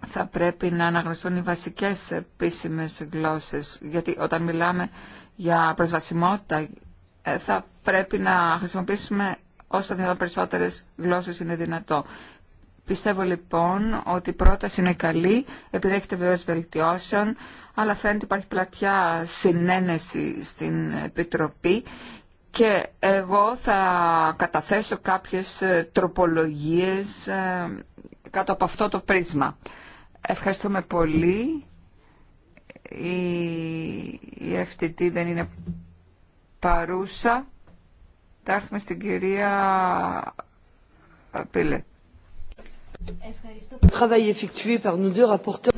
Θα πρέπει να αναγνωριστούν οι βασικές επίσημες γλώσσες, γιατί όταν μιλάμε για προσβασιμότητα ε, θα πρέπει να χρησιμοποιήσουμε όσο δυνατόν περισσότερες γλώσσες είναι δυνατό. Πιστεύω λοιπόν ότι η πρόταση είναι καλή, επιδέχεται βεβαίως βελτιώσεων, αλλά φαίνεται υπάρχει πλατιά συνένεση στην Επιτροπή και εγώ θα καταθέσω κάποιες ε, τροπολογίες ε, κάτω από αυτό το πρίσμα. Ευχαριστούμε πολύ. Η FTT δεν είναι παρούσα. Θα έρθουμε στην κυρία Πίλε.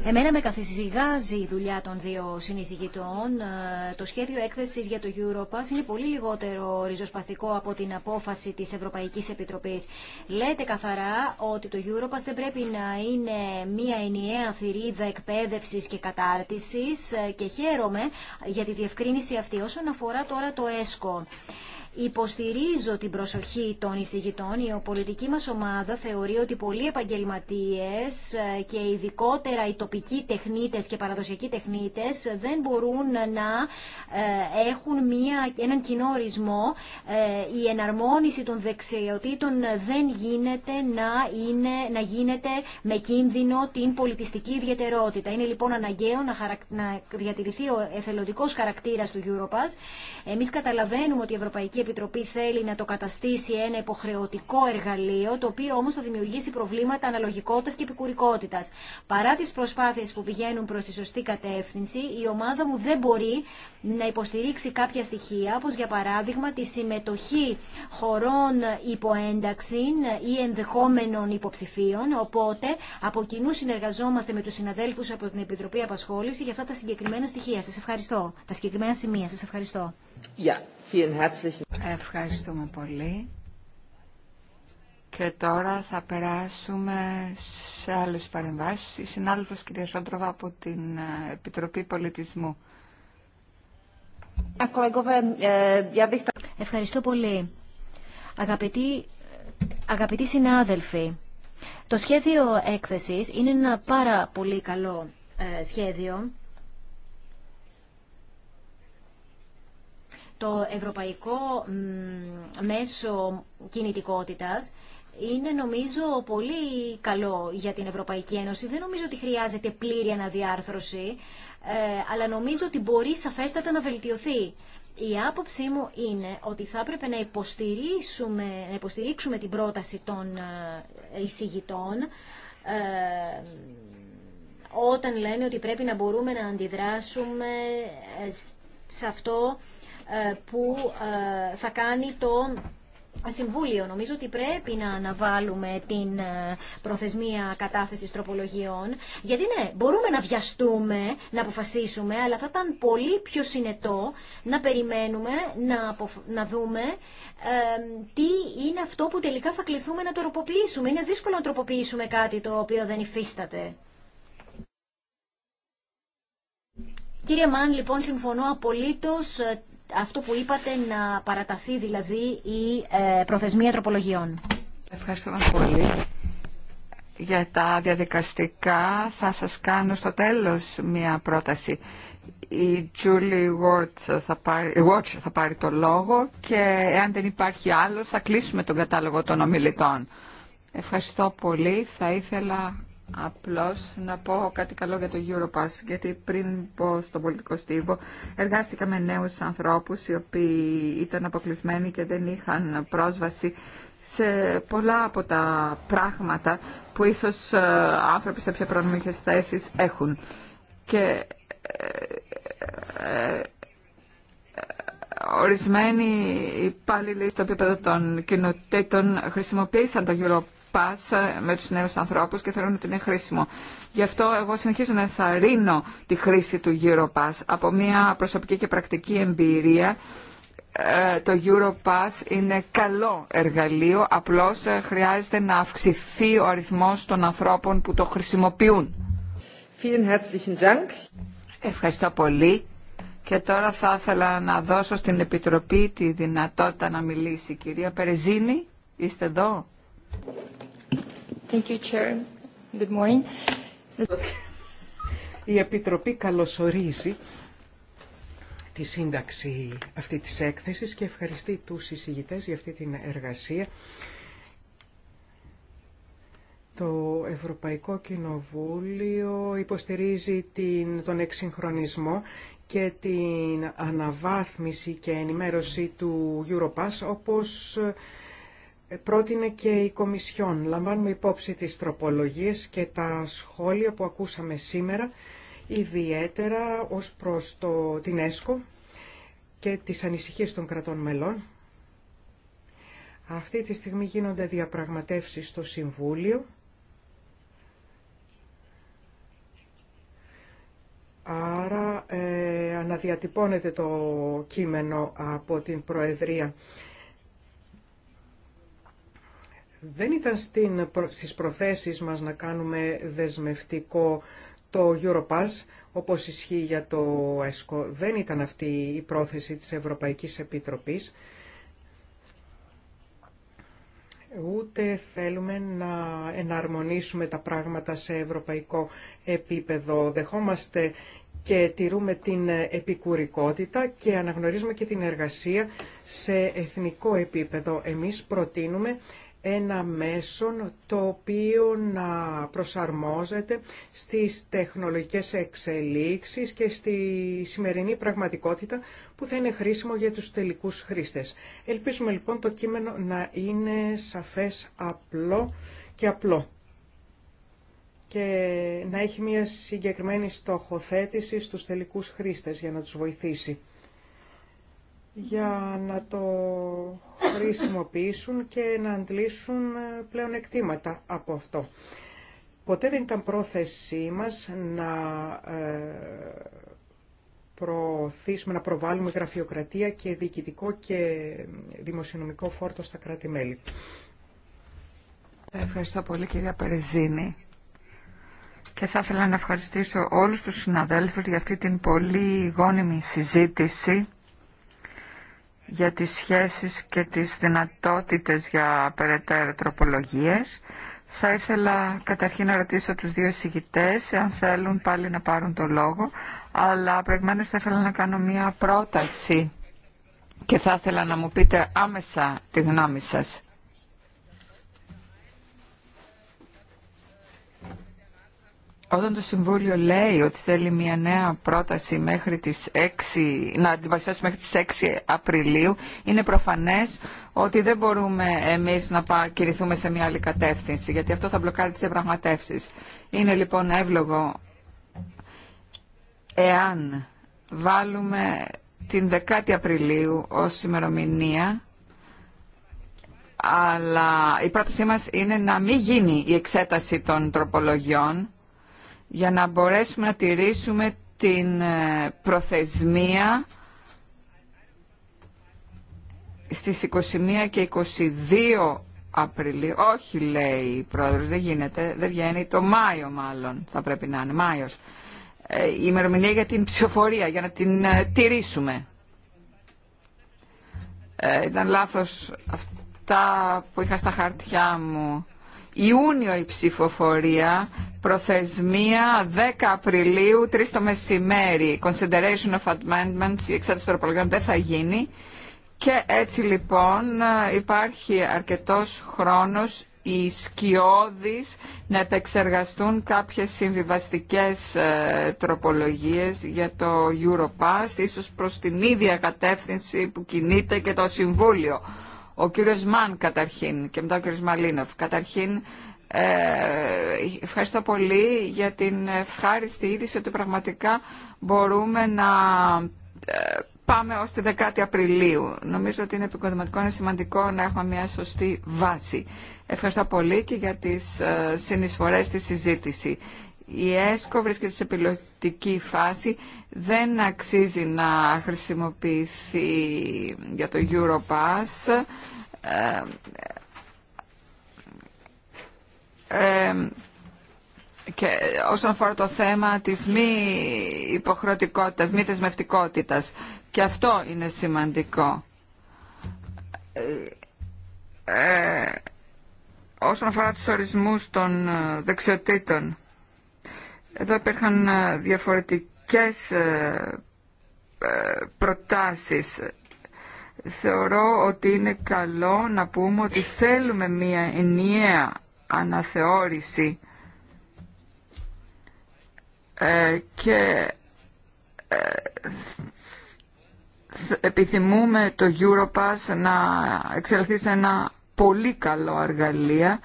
Εμένα με καθησυγάζει η δουλειά των δύο συνεισηγητών. Ε, το σχέδιο έκθεση για το Europass είναι πολύ λιγότερο ριζοσπαστικό από την απόφαση τη Ευρωπαϊκή Επιτροπή. Λέτε καθαρά ότι το Europass δεν πρέπει να είναι μία ενιαία θηρίδα εκπαίδευση και κατάρτιση ε, και χαίρομαι για τη διευκρίνηση αυτή όσον αφορά τώρα το ΕΣΚΟ. Υποστηρίζω την προσοχή των εισηγητών. Η πολιτική μας ομάδα θεωρεί ότι πολλοί επαγγελματίες ε, και ειδικότερα οι τοπικοί τεχνίτες και παραδοσιακοί τεχνίτες δεν μπορούν να ε, έχουν μια, έναν κοινό ορισμό. Ε, η εναρμόνιση των δεξιοτήτων δεν γίνεται να, είναι, να γίνεται με κίνδυνο την πολιτιστική ιδιαιτερότητα. Είναι λοιπόν αναγκαίο να, χαρακ... να διατηρηθεί ο εθελοντικός χαρακτήρας του Europass. Εμείς καταλαβαίνουμε ότι η Ευρωπαϊκή η Επιτροπή θέλει να το καταστήσει ένα υποχρεωτικό εργαλείο, το οποίο όμως θα δημιουργήσει προβλήματα αναλογικότητας και επικουρικότητας. Παρά τις προσπάθειες που πηγαίνουν προς τη σωστή κατεύθυνση, η ομάδα μου δεν μπορεί να υποστηρίξει κάποια στοιχεία, όπως για παράδειγμα τη συμμετοχή χωρών υποένταξη ή ενδεχόμενων υποψηφίων, οπότε από κοινού συνεργαζόμαστε με τους συναδέλφους από την Επιτροπή Απασχόληση για αυτά τα συγκεκριμένα στοιχεία. Σας ευχαριστώ. Τα συγκεκριμένα σημεία. Σας ευχαριστώ. Ευχαριστούμε πολύ. Και τώρα θα περάσουμε σε άλλες παρεμβάσεις. Η συνάδελφος κυρία Σόντροβα από την ε, Επιτροπή Πολιτισμού. Ε, ε, Ευχαριστώ πολύ. Αγαπητοί, αγαπητοί συνάδελφοι, το σχέδιο έκθεσης είναι ένα πάρα πολύ καλό σχέδιο Το Ευρωπαϊκό Μέσο Κινητικότητας είναι νομίζω πολύ καλό για την Ευρωπαϊκή Ένωση. Δεν νομίζω ότι χρειάζεται πλήρη αναδιάρθρωση, ε, αλλά νομίζω ότι μπορεί σαφέστατα να βελτιωθεί. Η άποψή μου είναι ότι θα έπρεπε να υποστηρίξουμε, να υποστηρίξουμε την πρόταση των ε, εισηγητών ε, όταν λένε ότι πρέπει να μπορούμε να αντιδράσουμε σε αυτό ε, που ε, θα κάνει το Συμβούλιο. Νομίζω ότι πρέπει να αναβάλουμε την ε, προθεσμία κατάθεσης τροπολογιών. Γιατί ναι, μπορούμε να βιαστούμε, να αποφασίσουμε, αλλά θα ήταν πολύ πιο συνετό να περιμένουμε, να, να δούμε τι είναι αυτό που τελικά θα κληθούμε να τροποποιήσουμε. Είναι δύσκολο να τροποποιήσουμε κάτι το οποίο δεν υφίσταται. Κύριε Μαν, λοιπόν, συμφωνώ απολύτως αυτό που είπατε να παραταθεί δηλαδή η ε, προθεσμία τροπολογιών. Ευχαριστώ πολύ. Για τα διαδικαστικά θα σας κάνω στο τέλος μία πρόταση. Η Julie Watch θα, πάρει, θα πάρει το λόγο και εάν δεν υπάρχει άλλο θα κλείσουμε τον κατάλογο των ομιλητών. Ευχαριστώ πολύ. Θα ήθελα Απλώς να πω κάτι καλό για το Europass, γιατί πριν πω στον πολιτικό στίβο εργάστηκα με νέους ανθρώπους οι οποίοι ήταν αποκλεισμένοι και δεν είχαν πρόσβαση σε πολλά από τα πράγματα που ίσως ε, άνθρωποι σε πιο προνομικές θέσεις έχουν. Και ε, ε, ορισμένοι υπάλληλοι στο επίπεδο των κοινοτήτων χρησιμοποίησαν το με του νέου ανθρώπου και θεωρούν ότι είναι χρήσιμο. Γι' αυτό εγώ συνεχίζω να ενθαρρύνω τη χρήση του Europass. Από μια προσωπική και πρακτική εμπειρία ε, το Europass είναι καλό εργαλείο, απλώς ε, χρειάζεται να αυξηθεί ο αριθμός των ανθρώπων που το χρησιμοποιούν. Ευχαριστώ πολύ. Και τώρα θα ήθελα να δώσω στην Επιτροπή τη δυνατότητα να μιλήσει. Κυρία Περεζίνη, είστε εδώ. Thank you, Chair. Η Επιτροπή καλωσορίζει τη σύνταξη αυτή της έκθεσης και ευχαριστεί τους συζητητές για αυτή την εργασία. Το Ευρωπαϊκό Κοινοβούλιο υποστηρίζει την, τον εξυγχρονισμό και την αναβάθμιση και ενημέρωση του Europass όπως πρότεινε και η Κομισιόν. Λαμβάνουμε υπόψη τις τροπολογίες και τα σχόλια που ακούσαμε σήμερα, ιδιαίτερα ως προς το, την ΕΣΚΟ και τις ανησυχίες των κρατών μελών. Αυτή τη στιγμή γίνονται διαπραγματεύσεις στο Συμβούλιο. Άρα ε, αναδιατυπώνεται το κείμενο από την Προεδρία δεν ήταν στην, στις προθέσεις μας να κάνουμε δεσμευτικό το Europass, όπως ισχύει για το ΕΣΚΟ. Δεν ήταν αυτή η πρόθεση της Ευρωπαϊκής Επιτροπής. Ούτε θέλουμε να εναρμονίσουμε τα πράγματα σε ευρωπαϊκό επίπεδο. Δεχόμαστε και τηρούμε την επικουρικότητα και αναγνωρίζουμε και την εργασία σε εθνικό επίπεδο. Εμείς προτείνουμε ένα μέσο το οποίο να προσαρμόζεται στις τεχνολογικές εξελίξεις και στη σημερινή πραγματικότητα που θα είναι χρήσιμο για τους τελικούς χρήστες. Ελπίζουμε λοιπόν το κείμενο να είναι σαφές, απλό και απλό και να έχει μια συγκεκριμένη στοχοθέτηση στους τελικούς χρήστες για να τους βοηθήσει. Για να το χρησιμοποιήσουν και να αντλήσουν ε, πλέον εκτήματα από αυτό. Ποτέ δεν ήταν πρόθεσή μας να ε, προωθήσουμε, να προβάλλουμε γραφειοκρατία και διοικητικό και δημοσιονομικό φόρτο στα κράτη-μέλη. Ευχαριστώ πολύ κυρία Περιζίνη. Και θα ήθελα να ευχαριστήσω όλους τους συναδέλφους για αυτή την πολύ γόνιμη συζήτηση για τις σχέσεις και τις δυνατότητες για περαιτέρω τροπολογίες. Θα ήθελα καταρχήν να ρωτήσω τους δύο συγητές αν θέλουν πάλι να πάρουν το λόγο, αλλά προηγουμένως θα ήθελα να κάνω μία πρόταση και θα ήθελα να μου πείτε άμεσα τη γνώμη σας. Όταν το Συμβούλιο λέει ότι θέλει μια νέα πρόταση μέχρι τις 6, να την παρουσιάσει μέχρι τις 6 Απριλίου, είναι προφανές ότι δεν μπορούμε εμείς να κηρυθούμε σε μια άλλη κατεύθυνση, γιατί αυτό θα μπλοκάρει τις διαπραγματεύσεις. Είναι λοιπόν εύλογο εάν βάλουμε την 10η Απριλίου ως ημερομηνία, αλλά η πρότασή μας είναι να μην γίνει η εξέταση των τροπολογιών, για να μπορέσουμε να τηρήσουμε την ε, προθεσμία στις 21 και 22 Απριλίου. Όχι, λέει η πρόεδρος, δεν γίνεται. Δεν βγαίνει το Μάιο μάλλον, θα πρέπει να είναι Μάιος. Ε, η ημερομηνία για την ψηφοφορία, για να την ε, τηρήσουμε. Ε, ήταν λάθος αυτά που είχα στα χαρτιά μου. Ιούνιο η ψηφοφορία, προθεσμία 10 Απριλίου, 3 το μεσημέρι. Consideration of amendments, η εξάρτηση των δεν θα γίνει. Και έτσι λοιπόν υπάρχει αρκετός χρόνος οι σκιώδεις να επεξεργαστούν κάποιες συμβιβαστικές ε, τροπολογίες για το Europass, ίσως προς την ίδια κατεύθυνση που κινείται και το Συμβούλιο. Ο κύριος Μαν καταρχήν και μετά ο κύριος Μαλίνοφ. Καταρχήν ε, ευχαριστώ πολύ για την ευχάριστη είδηση ότι πραγματικά μπορούμε να ε, πάμε ως τη 10 Απριλίου. Νομίζω ότι είναι επικοδηματικό, είναι σημαντικό να έχουμε μια σωστή βάση. Ευχαριστώ πολύ και για τις ε, συνεισφορές στη συζήτηση. Η ΕΣΚΟ βρίσκεται σε πιλωτική φάση, δεν αξίζει να χρησιμοποιηθεί για το Europass. Ε, ε, και όσον αφορά το θέμα της μη υποχρεωτικότητας, μη θεσμευτικότητας. Και αυτό είναι σημαντικό. Ε, ε, όσον αφορά τους ορισμούς των δεξιοτήτων. Εδώ υπήρχαν ε, διαφορετικές ε, ε, προτάσεις. Θεωρώ ότι είναι καλό να πούμε ότι θέλουμε μία ενιαία αναθεώρηση και επιθυμούμε το Europass να εξελιχθεί σε ένα πολύ καλό εργαλείο,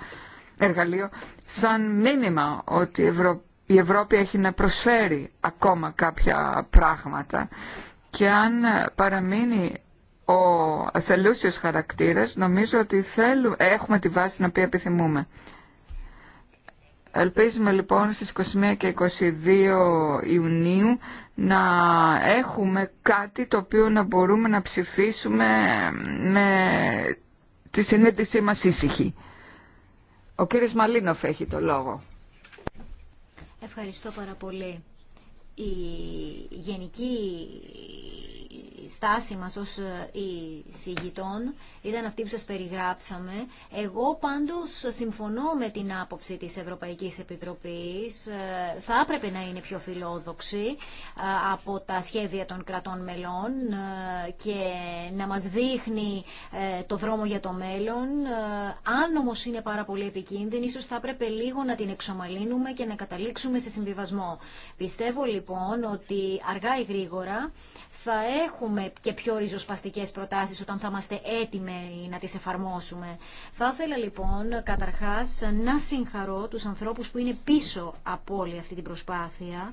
εργαλείο σαν μήνυμα ότι η Ευρωπαϊκή η Ευρώπη έχει να προσφέρει ακόμα κάποια πράγματα και αν παραμείνει ο θελούσιος χαρακτήρας νομίζω ότι θέλουμε, έχουμε τη βάση την οποία επιθυμούμε. Ελπίζουμε λοιπόν στις 21 και 22 Ιουνίου να έχουμε κάτι το οποίο να μπορούμε να ψηφίσουμε με τη συνέντησή μας ήσυχη. Ο κύριος Μαλίνοφ έχει το λόγο. Ευχαριστώ πάρα πολύ. Η Γενική η στάση μας ως ε, συγγητών ήταν αυτή που σας περιγράψαμε. Εγώ πάντως συμφωνώ με την άποψη της Ευρωπαϊκής Επιτροπής. Ε, θα έπρεπε να είναι πιο φιλόδοξη ε, από τα σχέδια των κρατών μελών και να μας δείχνει το δρόμο για το μέλλον. Αν όμως είναι πάρα πολύ επικίνδυνη, ίσως θα έπρεπε λίγο να την εξομαλύνουμε και να καταλήξουμε σε συμβιβασμό. Πιστεύω λοιπόν ότι αργά ή γρήγορα θα έχουμε και πιο ριζοσπαστικές προτάσεις όταν θα είμαστε έτοιμοι να τις εφαρμόσουμε. Θα ήθελα λοιπόν καταρχάς να συγχαρώ τους ανθρώπους που είναι πίσω από όλη αυτή την προσπάθεια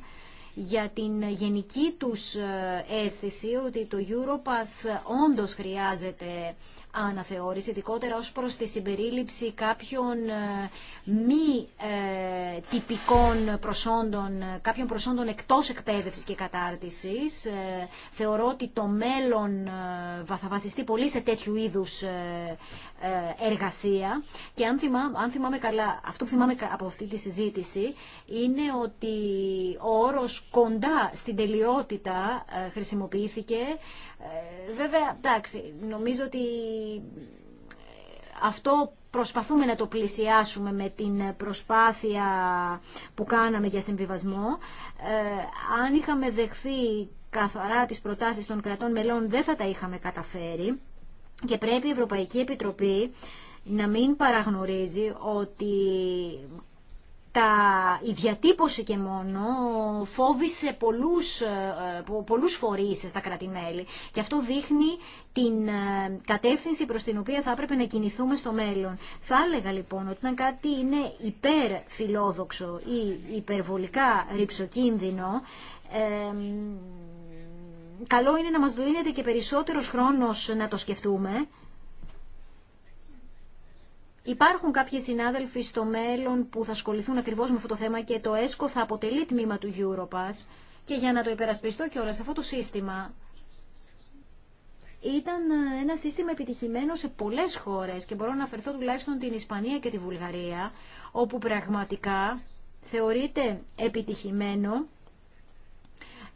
για την γενική τους ε, αίσθηση ότι το Europass όντως χρειάζεται αναθεώρηση, ειδικότερα ως προς τη συμπερίληψη κάποιων ε, μη ε, τυπικών προσόντων, κάποιων προσόντων εκτός εκπαίδευσης και κατάρτισης. Ε, θεωρώ ότι το μέλλον θα βασιστεί πολύ σε τέτοιου είδους ε, εργασία και αν θυμάμαι, καλά, αυτό που θυμάμαι από αυτή τη συζήτηση είναι ότι ο όρος κοντά στην τελειότητα ε, χρησιμοποιήθηκε. Ε, βέβαια, εντάξει, νομίζω ότι αυτό προσπαθούμε να το πλησιάσουμε με την προσπάθεια που κάναμε για συμβιβασμό. αν είχαμε δεχθεί καθαρά τις προτάσεις των κρατών μελών δεν θα τα είχαμε καταφέρει και πρέπει η Ευρωπαϊκή Επιτροπή να μην παραγνωρίζει ότι τα, η διατύπωση και μόνο φόβησε πολλούς, ε, πολλούς φορείς στα κρατημέλη και αυτό δείχνει την ε, κατεύθυνση προς την οποία θα έπρεπε να κινηθούμε στο μέλλον. Θα έλεγα λοιπόν ότι αν κάτι είναι υπερφιλόδοξο ή υπερβολικά ρηψοκίνδυνο, ε, καλό είναι να μας δίνεται και περισσότερος χρόνος να το σκεφτούμε. Υπάρχουν κάποιοι συνάδελφοι στο μέλλον που θα ασχοληθούν ακριβώς με αυτό το θέμα και το ΕΣΚΟ θα αποτελεί τμήμα του Europass και για να το υπερασπιστώ και όλα σε αυτό το σύστημα ήταν ένα σύστημα επιτυχημένο σε πολλές χώρες και μπορώ να αφαιρθώ τουλάχιστον την Ισπανία και τη Βουλγαρία όπου πραγματικά θεωρείται επιτυχημένο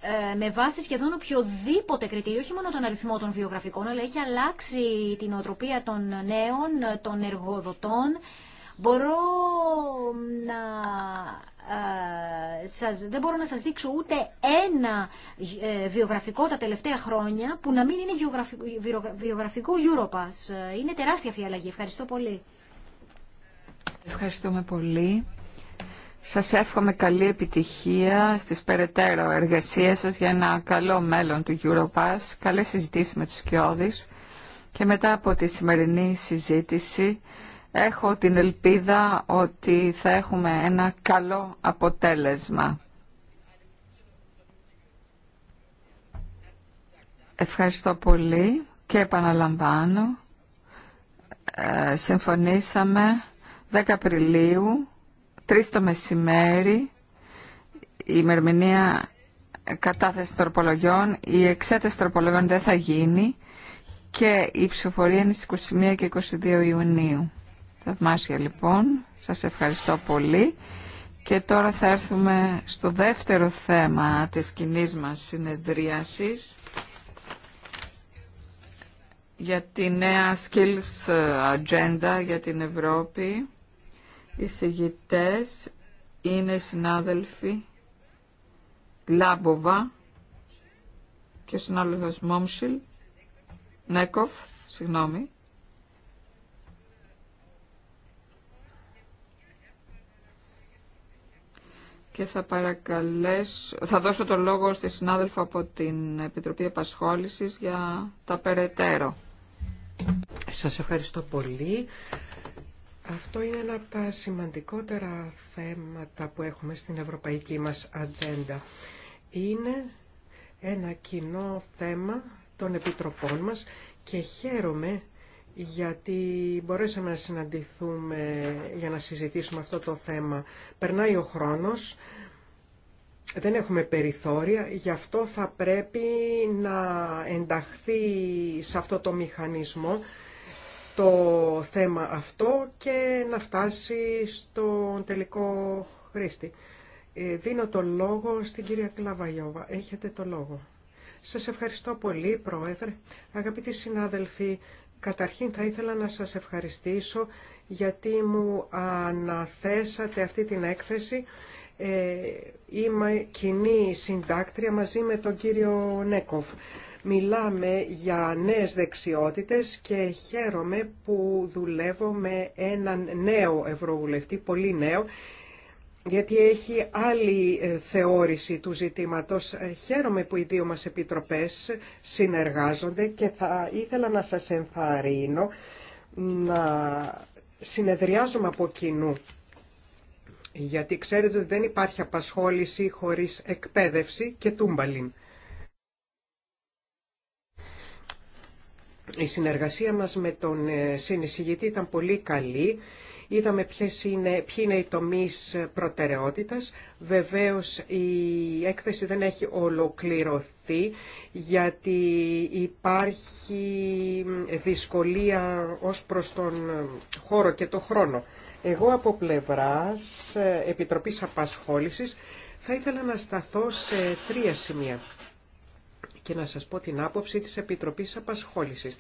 ε, με βάση σχεδόν οποιοδήποτε κριτήριο, όχι μόνο τον αριθμό των βιογραφικών, αλλά έχει αλλάξει την οτροπία των νέων, των εργοδοτών. Μπορώ να ε, δεν μπορώ να σας δείξω ούτε ένα ε, βιογραφικό τα τελευταία χρόνια που να μην είναι βιογραφικό Europass. Είναι τεράστια αυτή η αλλαγή. Ευχαριστώ πολύ. Ευχαριστούμε πολύ. Σας εύχομαι καλή επιτυχία στις περαιτέρω εργασίες σας για ένα καλό μέλλον του Europass, καλές συζητήσεις με τους Κιώδης και μετά από τη σημερινή συζήτηση έχω την ελπίδα ότι θα έχουμε ένα καλό αποτέλεσμα. Ευχαριστώ πολύ και επαναλαμβάνω. Ε, συμφωνήσαμε 10 Απριλίου Τρεις το μεσημέρι η ημερμηνία κατάθεση τροπολογιών, η εξέταση τροπολογιών δεν θα γίνει και η ψηφοφορία είναι στις 21 και 22 Ιουνίου. Θαυμάσια λοιπόν, σας ευχαριστώ πολύ. Και τώρα θα έρθουμε στο δεύτερο θέμα της κοινή μας συνεδρίασης για τη νέα skills agenda για την Ευρώπη. Οι συγητές είναι συνάδελφοι Λάμποβα και ο συνάδελφος Μόμσιλ, Νέκοφ, συγγνώμη. Και θα παρακαλέσω, θα δώσω το λόγο στη συνάδελφα από την Επιτροπή Επασχόλησης για τα περαιτέρω. Σας ευχαριστώ πολύ. Αυτό είναι ένα από τα σημαντικότερα θέματα που έχουμε στην ευρωπαϊκή μας ατζέντα. Είναι ένα κοινό θέμα των επιτροπών μας και χαίρομαι γιατί μπορέσαμε να συναντηθούμε για να συζητήσουμε αυτό το θέμα. Περνάει ο χρόνος, δεν έχουμε περιθώρια, γι' αυτό θα πρέπει να ενταχθεί σε αυτό το μηχανισμό το θέμα αυτό και να φτάσει στον τελικό χρήστη. Ε, δίνω το λόγο στην κυρία Κλαβαγιώβα. Έχετε το λόγο. Σας ευχαριστώ πολύ, Πρόεδρε. Αγαπητοί συνάδελφοι, καταρχήν θα ήθελα να σας ευχαριστήσω γιατί μου αναθέσατε αυτή την έκθεση. Ε, είμαι κοινή συντάκτρια μαζί με τον κύριο Νέκοφ. Μιλάμε για νέες δεξιότητες και χαίρομαι που δουλεύω με έναν νέο ευρωβουλευτή, πολύ νέο, γιατί έχει άλλη ε, θεώρηση του ζητήματος. Ε, χαίρομαι που οι δύο μας επιτροπές συνεργάζονται και θα ήθελα να σας ενθαρρύνω να συνεδριάζουμε από κοινού. Γιατί ξέρετε ότι δεν υπάρχει απασχόληση χωρίς εκπαίδευση και τούμπαλιν. Η συνεργασία μας με τον ε, συνεισηγητή ήταν πολύ καλή. Είδαμε ποιες είναι, ποιοι είναι οι τομείς προτεραιότητας. Βεβαίως η έκθεση δεν έχει ολοκληρωθεί γιατί υπάρχει δυσκολία ως προς τον ε, χώρο και το χρόνο. Εγώ από πλευράς ε, Επιτροπής Απασχόλησης θα ήθελα να σταθώ σε τρία σημεία και να σας πω την άποψη της Επιτροπής Απασχόλησης.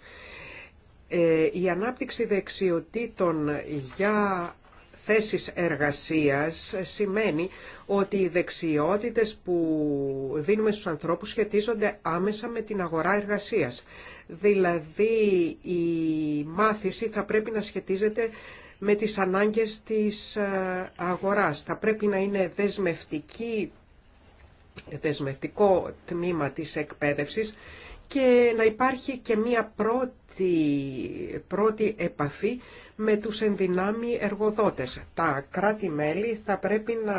Ε, η ανάπτυξη δεξιοτήτων για θέσεις εργασίας σημαίνει ότι οι δεξιότητες που δίνουμε στους ανθρώπους σχετίζονται άμεσα με την αγορά εργασίας. Δηλαδή η μάθηση θα πρέπει να σχετίζεται με τις ανάγκες της ε, αγοράς. Θα πρέπει να είναι δεσμευτική δεσμευτικό τμήμα της εκπαίδευσης και να υπάρχει και μία πρώτη, πρώτη επαφή με τους ενδυνάμει εργοδότες. Τα κράτη-μέλη θα πρέπει να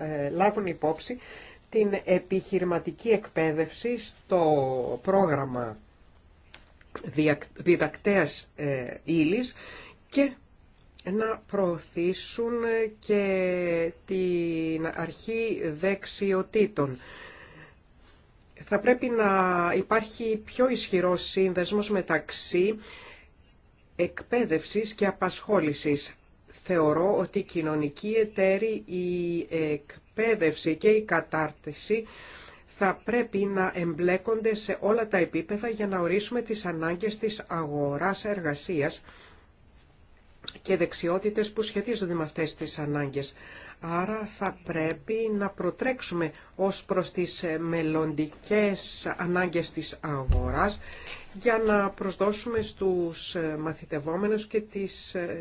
ε, λάβουν υπόψη την επιχειρηματική εκπαίδευση στο πρόγραμμα διδακτέας ε, ύλης και να προωθήσουν και την αρχή δεξιοτήτων. Θα πρέπει να υπάρχει πιο ισχυρός σύνδεσμος μεταξύ εκπαίδευσης και απασχόλησης. Θεωρώ ότι η κοινωνική εταίρη, η εκπαίδευση και η κατάρτιση θα πρέπει να εμπλέκονται σε όλα τα επίπεδα για να ορίσουμε τις ανάγκες της αγοράς εργασίας και δεξιότητες που σχετίζονται με αυτές τις ανάγκες. Άρα θα πρέπει να προτρέξουμε ως προς τις μελλοντικές ανάγκες της αγοράς για να προσδώσουμε στους μαθητευόμενους και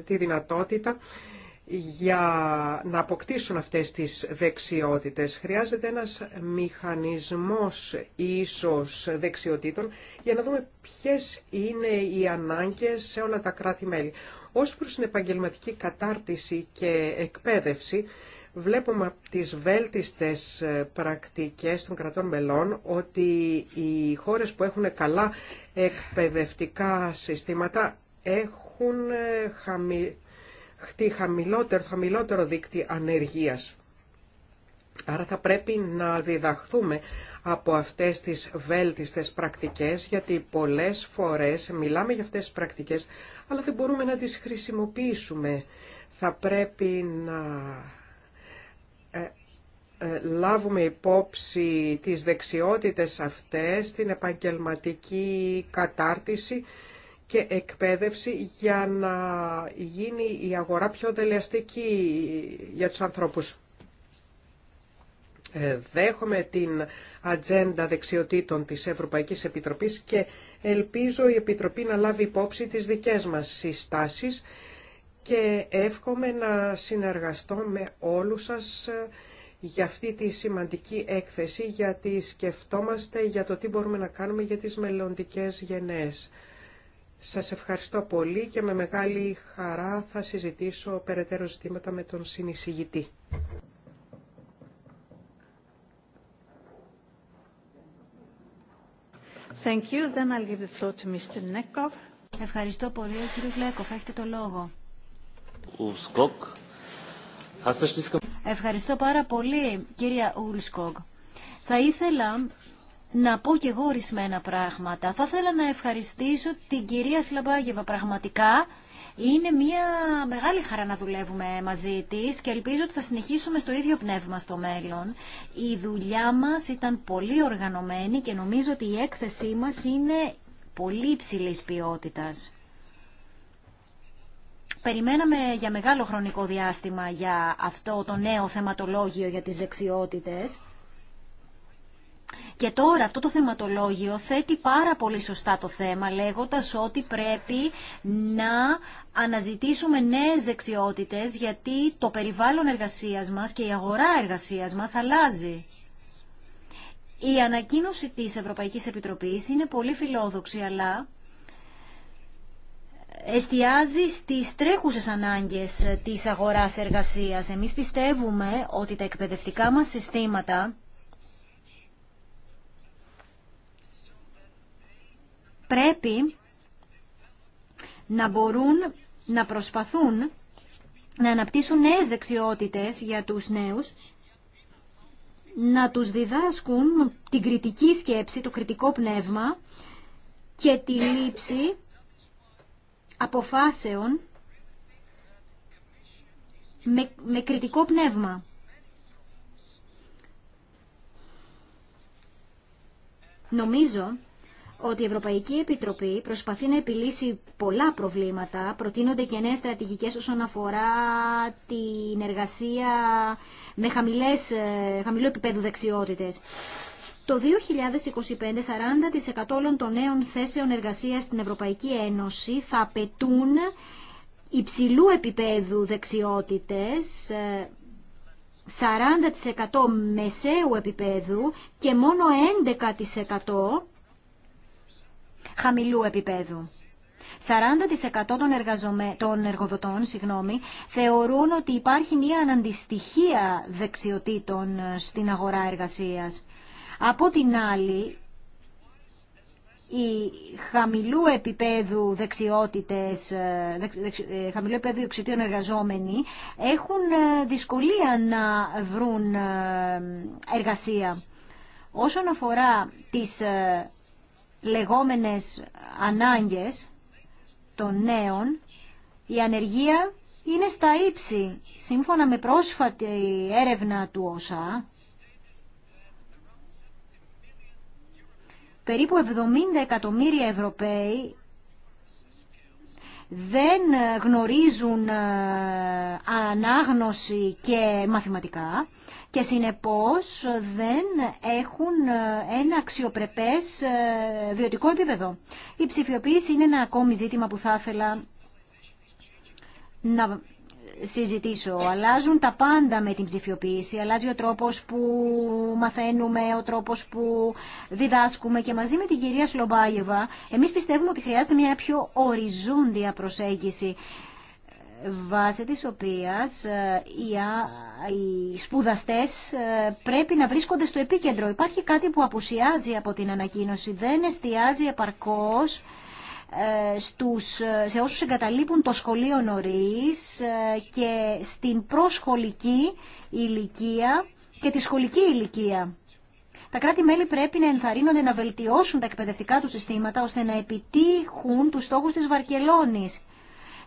τη δυνατότητα για να αποκτήσουν αυτές τις δεξιότητες. Χρειάζεται ένας μηχανισμός ίσως δεξιοτήτων για να δούμε ποιες είναι οι ανάγκες σε όλα τα κράτη-μέλη. Ως προς την επαγγελματική κατάρτιση και εκπαίδευση, βλέπουμε από τις βέλτιστες ε, πρακτικές των κρατών μελών ότι οι χώρες που έχουν καλά εκπαιδευτικά συστήματα έχουν ε, χαμη... χαμηλότερο, χαμηλότερο δίκτυο ανεργίας. Άρα θα πρέπει να διδαχθούμε από αυτές τις βέλτιστες πρακτικές, γιατί πολλές φορές μιλάμε για αυτές τις πρακτικές, αλλά δεν μπορούμε να τις χρησιμοποιήσουμε. Θα πρέπει να ε, ε, λάβουμε υπόψη τις δεξιότητες αυτές, την επαγγελματική κατάρτιση και εκπαίδευση για να γίνει η αγορά πιο δελεαστική για τους ανθρώπους. Ε, δέχομαι την ατζέντα δεξιοτήτων της Ευρωπαϊκής Επιτροπής και ελπίζω η Επιτροπή να λάβει υπόψη τις δικές μας συστάσεις και εύχομαι να συνεργαστώ με όλους σας ε, για αυτή τη σημαντική έκθεση γιατί σκεφτόμαστε για το τι μπορούμε να κάνουμε για τις μελλοντικέ γενναίες. Σας ευχαριστώ πολύ και με μεγάλη χαρά θα συζητήσω περαιτέρω ζητήματα με τον συνεισηγητή. Thank you. Then I'll give the floor to Mr. Nekov. Ευχαριστώ πολύ. Ο κύριος Λέκοφ, έχετε το λόγο. Ευχαριστώ πάρα πολύ, κυρία Ουλσκογ. Θα ήθελα να πω και εγώ ορισμένα πράγματα. Θα ήθελα να ευχαριστήσω την κυρία Σλαμπάγεβα πραγματικά. Είναι μια μεγάλη χαρά να δουλεύουμε μαζί της και ελπίζω ότι θα συνεχίσουμε στο ίδιο πνεύμα στο μέλλον. Η δουλειά μας ήταν πολύ οργανωμένη και νομίζω ότι η έκθεσή μας είναι πολύ υψηλή ποιότητας. Περιμέναμε για μεγάλο χρονικό διάστημα για αυτό το νέο θεματολόγιο για τις δεξιότητες. Και τώρα αυτό το θεματολόγιο θέτει πάρα πολύ σωστά το θέμα, λέγοντας ότι πρέπει να αναζητήσουμε νέες δεξιότητες, γιατί το περιβάλλον εργασίας μας και η αγορά εργασίας μας αλλάζει. Η ανακοίνωση της Ευρωπαϊκής Επιτροπής είναι πολύ φιλόδοξη, αλλά εστιάζει στις τρέχουσες ανάγκες της αγοράς εργασίας. Εμείς πιστεύουμε ότι τα εκπαιδευτικά μας συστήματα πρέπει να μπορούν να προσπαθούν να αναπτύσσουν νέες δεξιότητες για τους νέους, να τους διδάσκουν την κριτική σκέψη, το κριτικό πνεύμα και τη λήψη αποφάσεων με, με κριτικό πνεύμα. Νομίζω ότι η Ευρωπαϊκή Επιτροπή προσπαθεί να επιλύσει πολλά προβλήματα. Προτείνονται και νέες στρατηγικές όσον αφορά την εργασία με χαμηλές, ε, χαμηλό επίπεδο δεξιότητες. Το 2025, 40% όλων των νέων θέσεων εργασίας στην Ευρωπαϊκή Ένωση θα απαιτούν υψηλού επίπεδου δεξιότητες, 40% ε, μεσαίου επίπεδου και μόνο 11% χαμηλού επίπεδου. 40% των, εργαζομε... των εργοδοτών συγγνώμη, θεωρούν ότι υπάρχει μια αναντιστοιχία δεξιοτήτων ε, στην αγορά εργασίας. Από την άλλη, οι χαμηλού επίπεδου δεξιότητες, ε, ε, χαμηλού επίπεδου εξωτείων εργαζόμενοι έχουν δυσκολία να βρουν εργασία. Όσον αφορά τις λεγόμενες ανάγκες των νέων, η ανεργία είναι στα ύψη. Σύμφωνα με πρόσφατη έρευνα του ΟΣΑ περίπου 70 εκατομμύρια Ευρωπαίοι δεν γνωρίζουν ε, ανάγνωση και μαθηματικά και συνεπώς δεν έχουν ε, ένα αξιοπρεπές ε, βιωτικό επίπεδο. Η ψηφιοποίηση είναι ένα ακόμη ζήτημα που θα ήθελα να συζητήσω. Αλλάζουν τα πάντα με την ψηφιοποίηση. Αλλάζει ο τρόπος που μαθαίνουμε, ο τρόπος που διδάσκουμε και μαζί με την κυρία Σλομπάγεβα εμείς πιστεύουμε ότι χρειάζεται μια πιο οριζόντια προσέγγιση βάσει της οποίας ε, οι σπουδαστές ε, πρέπει να βρίσκονται στο επίκεντρο. Υπάρχει κάτι που απουσιάζει από την ανακοίνωση, δεν εστιάζει επαρκώς ε, στους, σε όσους εγκαταλείπουν το σχολείο νωρίς ε, και στην προσχολική ηλικία και τη σχολική ηλικία. Τα κράτη-μέλη πρέπει να ενθαρρύνονται να βελτιώσουν τα εκπαιδευτικά του συστήματα ώστε να επιτύχουν τους στόχους της Βαρκελόνης.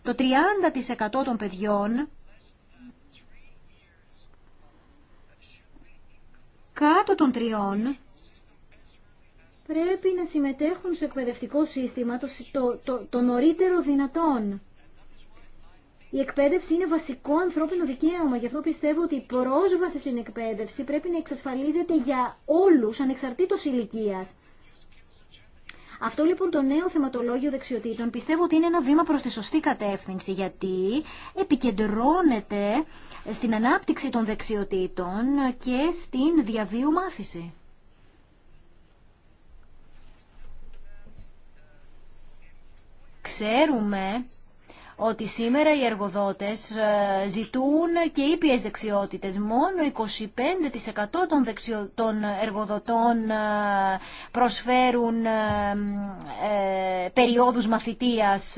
Το 30% των παιδιών κάτω των τριών πρέπει να συμμετέχουν στο εκπαιδευτικό σύστημα το, το, το νωρίτερο δυνατόν. Η εκπαίδευση είναι βασικό ανθρώπινο δικαίωμα. Γι' αυτό πιστεύω ότι η πρόσβαση στην εκπαίδευση πρέπει να εξασφαλίζεται για όλους, ανεξαρτήτως ηλικίας. Αυτό λοιπόν το νέο θεματολόγιο δεξιοτήτων πιστεύω ότι είναι ένα βήμα προς τη σωστή κατεύθυνση γιατί επικεντρώνεται στην ανάπτυξη των δεξιοτήτων και στην διαβίου μάθηση. Ξέρουμε ότι σήμερα οι εργοδότες ε, ζητούν και ήπιες δεξιότητες. Μόνο 25% των, των εργοδοτών ε, προσφέρουν ε, περιόδους μαθητείας.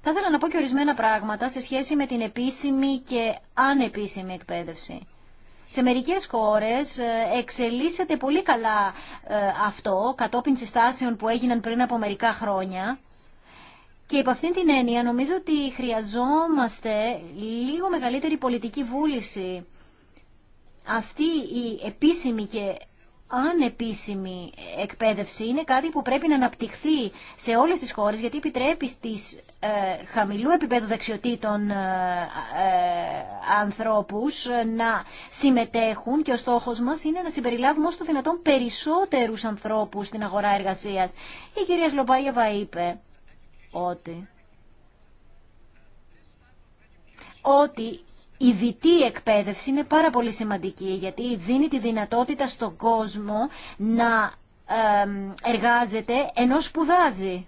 Θα ήθελα να πω και ορισμένα πράγματα σε σχέση με την επίσημη και ανεπίσημη εκπαίδευση. Σε μερικές χώρες ε, εξελίσσεται πολύ καλά ε, αυτό κατόπιν συστάσεων που έγιναν πριν από μερικά χρόνια. Και υπ' αυτήν την έννοια νομίζω ότι χρειαζόμαστε λίγο μεγαλύτερη πολιτική βούληση. Αυτή η επίσημη και ανεπίσημη εκπαίδευση είναι κάτι που πρέπει να αναπτυχθεί σε όλες τις χώρες γιατί επιτρέπει στις ε, χαμηλού επίπεδου δεξιοτήτων ε, ε, ε να συμμετέχουν και ο στόχος μας είναι να συμπεριλάβουμε όσο το δυνατόν περισσότερους ανθρώπους στην αγορά εργασίας. Η κυρία Σλοπάγεβα είπε ότι ότι η δυτή εκπαίδευση είναι πάρα πολύ σημαντική γιατί δίνει τη δυνατότητα στον κόσμο να εργάζεται ενώ σπουδάζει.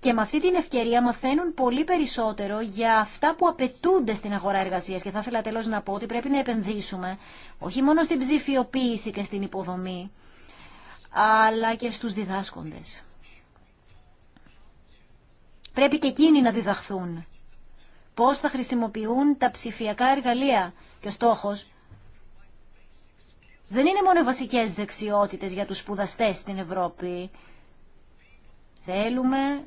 Και με αυτή την ευκαιρία μαθαίνουν πολύ περισσότερο για αυτά που απαιτούνται στην αγορά εργασία. Και θα ήθελα τέλο να πω ότι πρέπει να επενδύσουμε όχι μόνο στην ψηφιοποίηση και στην υποδομή, αλλά και στους διδάσκοντες. Πρέπει και εκείνοι να διδαχθούν πώς θα χρησιμοποιούν τα ψηφιακά εργαλεία. Και ο στόχος δεν είναι μόνο οι βασικές δεξιότητες για τους σπουδαστές στην Ευρώπη. Θέλουμε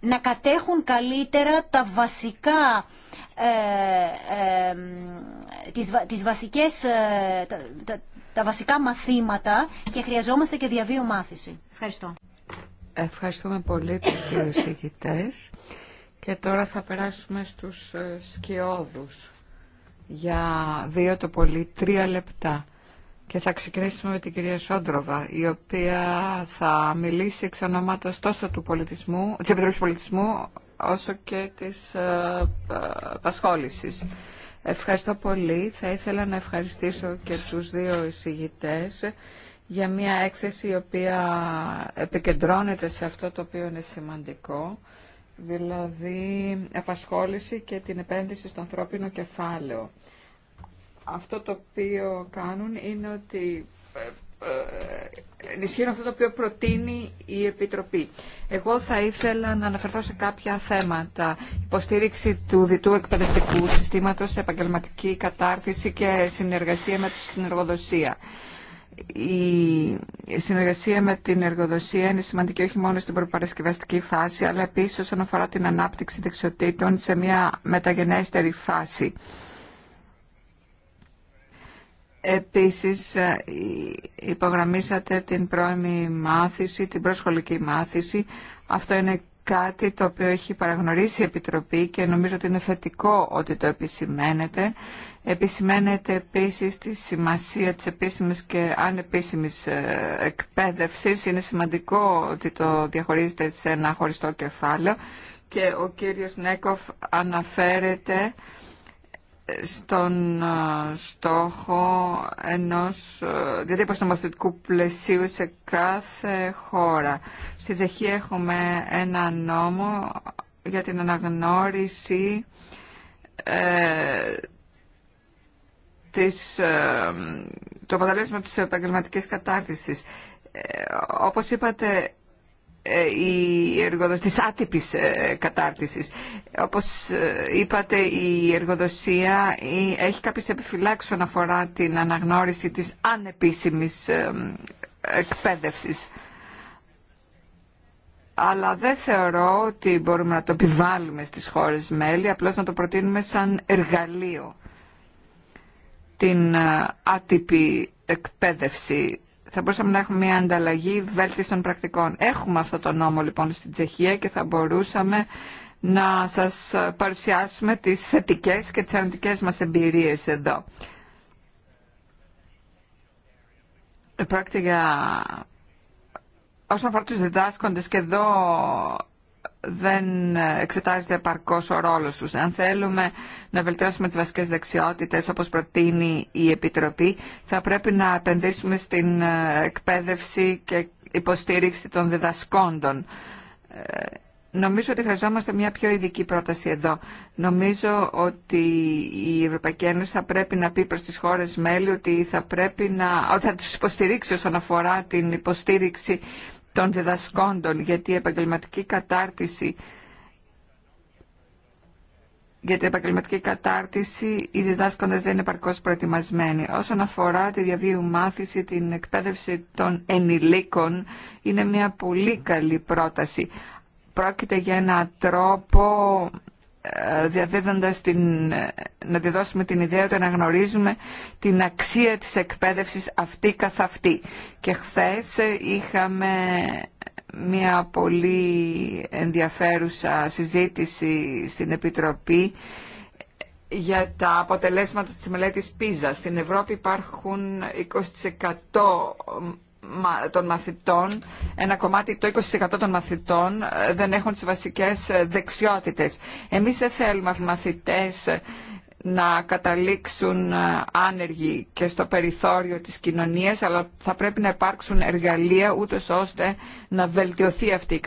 να κατέχουν καλύτερα τα βασικά ε, ε, τις, βασικές ε, τα, βασικά μαθήματα και χρειαζόμαστε και διαβίου μάθηση. Ευχαριστώ. Ευχαριστούμε πολύ τους δύο εισηγητές και τώρα θα περάσουμε στους ε, σκιόδους για δύο το πολύ τρία λεπτά και θα ξεκινήσουμε με την κυρία Σόντροβα η οποία θα μιλήσει εξ ονόματος τόσο του πολιτισμού, της Επιτροπής Πολιτισμού όσο και της ε, ε, Πασχόλησης. Ευχαριστώ πολύ. Θα ήθελα να ευχαριστήσω και τους δύο εισηγητές για μια έκθεση η οποία επικεντρώνεται σε αυτό το οποίο είναι σημαντικό, δηλαδή απασχόληση και την επένδυση στο ανθρώπινο κεφάλαιο. Αυτό το οποίο κάνουν είναι ότι ε, ε, ενισχύουν αυτό το οποίο προτείνει η Επιτροπή. Εγώ θα ήθελα να αναφερθώ σε κάποια θέματα. Υποστήριξη του διτού εκπαιδευτικού συστήματος, επαγγελματική κατάρτιση και συνεργασία με τη συνεργοδοσία η συνεργασία με την εργοδοσία είναι σημαντική όχι μόνο στην προπαρασκευαστική φάση, αλλά επίσης όσον αφορά την ανάπτυξη δεξιοτήτων σε μια μεταγενέστερη φάση. Επίσης ε, υπογραμμίσατε την πρώιμη μάθηση, την προσχολική μάθηση. Αυτό είναι κάτι το οποίο έχει παραγνωρίσει η Επιτροπή και νομίζω ότι είναι θετικό ότι το επισημαίνεται. Επισημαίνεται επίσης τη σημασία της επίσημης και ανεπίσημης ε, εκπαίδευσης. Είναι σημαντικό ότι το διαχωρίζεται σε ένα χωριστό κεφάλαιο και ο κύριος Νέκοφ αναφέρεται στον ε, στόχο ενός ε, διατύπωσης νομοθετικού πλαισίου σε κάθε χώρα. Στη Τσεχία έχουμε ένα νόμο για την αναγνώριση ε, της, ε, το αποτελέσμα της επαγγελματική κατάρτισης. Ε, όπως είπατε, ε, η εργοδοσία, της άτυπης ε, κατάρτισης. Όπως ε, είπατε, η εργοδοσία έχει κάποιες επιφυλάξεις όσον αφορά την αναγνώριση της ανεπίσημης εκπαίδευσης. Αλλά δεν θεωρώ ότι μπορούμε να το επιβάλλουμε στις χώρες μέλη, απλώς να το προτείνουμε σαν εργαλείο. Την άτυπη εκπαίδευση θα μπορούσαμε να έχουμε μια ανταλλαγή βέλτιστων πρακτικών. Έχουμε αυτό το νόμο λοιπόν στην Τσεχία και θα μπορούσαμε να σας παρουσιάσουμε τις θετικές και τις αρνητικές μας εμπειρίες εδώ. Πρόκειται Όσον αφορά τους διδάσκοντες και εδώ δεν εξετάζεται επαρκώ ο ρόλο τους. Αν θέλουμε να βελτιώσουμε τις βασικές δεξιότητες όπως προτείνει η Επιτροπή θα πρέπει να επενδύσουμε στην ε, εκπαίδευση και υποστήριξη των διδασκόντων. Ε, νομίζω ότι χρειαζόμαστε μια πιο ειδική πρόταση εδώ. Νομίζω ότι η Ευρωπαϊκή Ένωση θα πρέπει να πει προς τις χώρες μέλη ότι θα πρέπει να, τους υποστηρίξει όσον αφορά την υποστήριξη των διδασκόντων, γιατί η επαγγελματική κατάρτιση για την επαγγελματική κατάρτιση οι διδάσκοντε δεν είναι παρκώ προετοιμασμένοι. Όσον αφορά τη διαβίου μάθηση, την εκπαίδευση των ενηλίκων, είναι μια πολύ καλή πρόταση. Πρόκειται για ένα τρόπο ε, διαδίδοντας την, ε, να διδώσουμε την ιδέα ότι αναγνωρίζουμε την αξία της εκπαίδευσης αυτή καθ' αυτή. Και χθες ε, είχαμε μια πολύ ενδιαφέρουσα συζήτηση στην Επιτροπή για τα αποτελέσματα της μελέτης PISA. Στην Ευρώπη υπάρχουν 20% των μαθητών, ένα κομμάτι, το 20% των μαθητών ε, δεν έχουν τις βασικές ε, δεξιότητες. Εμείς δεν θέλουμε μαθητές ε, να καταλήξουν άνεργοι και στο περιθώριο της κοινωνίας, αλλά θα πρέπει να υπάρξουν εργαλεία ούτε ώστε να βελτιωθεί αυτή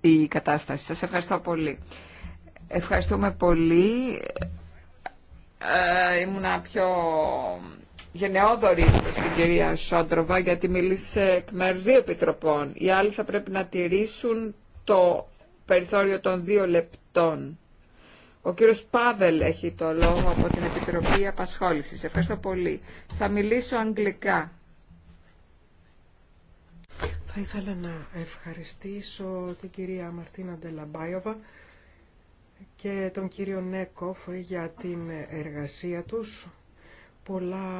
η κατάσταση. Σας ευχαριστώ πολύ. Ευχαριστούμε πολύ. Ε, ήμουνα πιο γενναιόδορη στην κυρία Σόντροβα γιατί μίλησε εκ μέρους δύο επιτροπών. Οι άλλοι θα πρέπει να τηρήσουν το περιθώριο των δύο λεπτών. Ο κύριος Πάβελ έχει το λόγο από την Επιτροπή Απασχόλησης. Ευχαριστώ πολύ. Θα μιλήσω αγγλικά. Θα ήθελα να ευχαριστήσω την κυρία Μαρτίνα Ντελαμπάιωβα και τον κύριο Νέκοφ για την εργασία τους Πολλά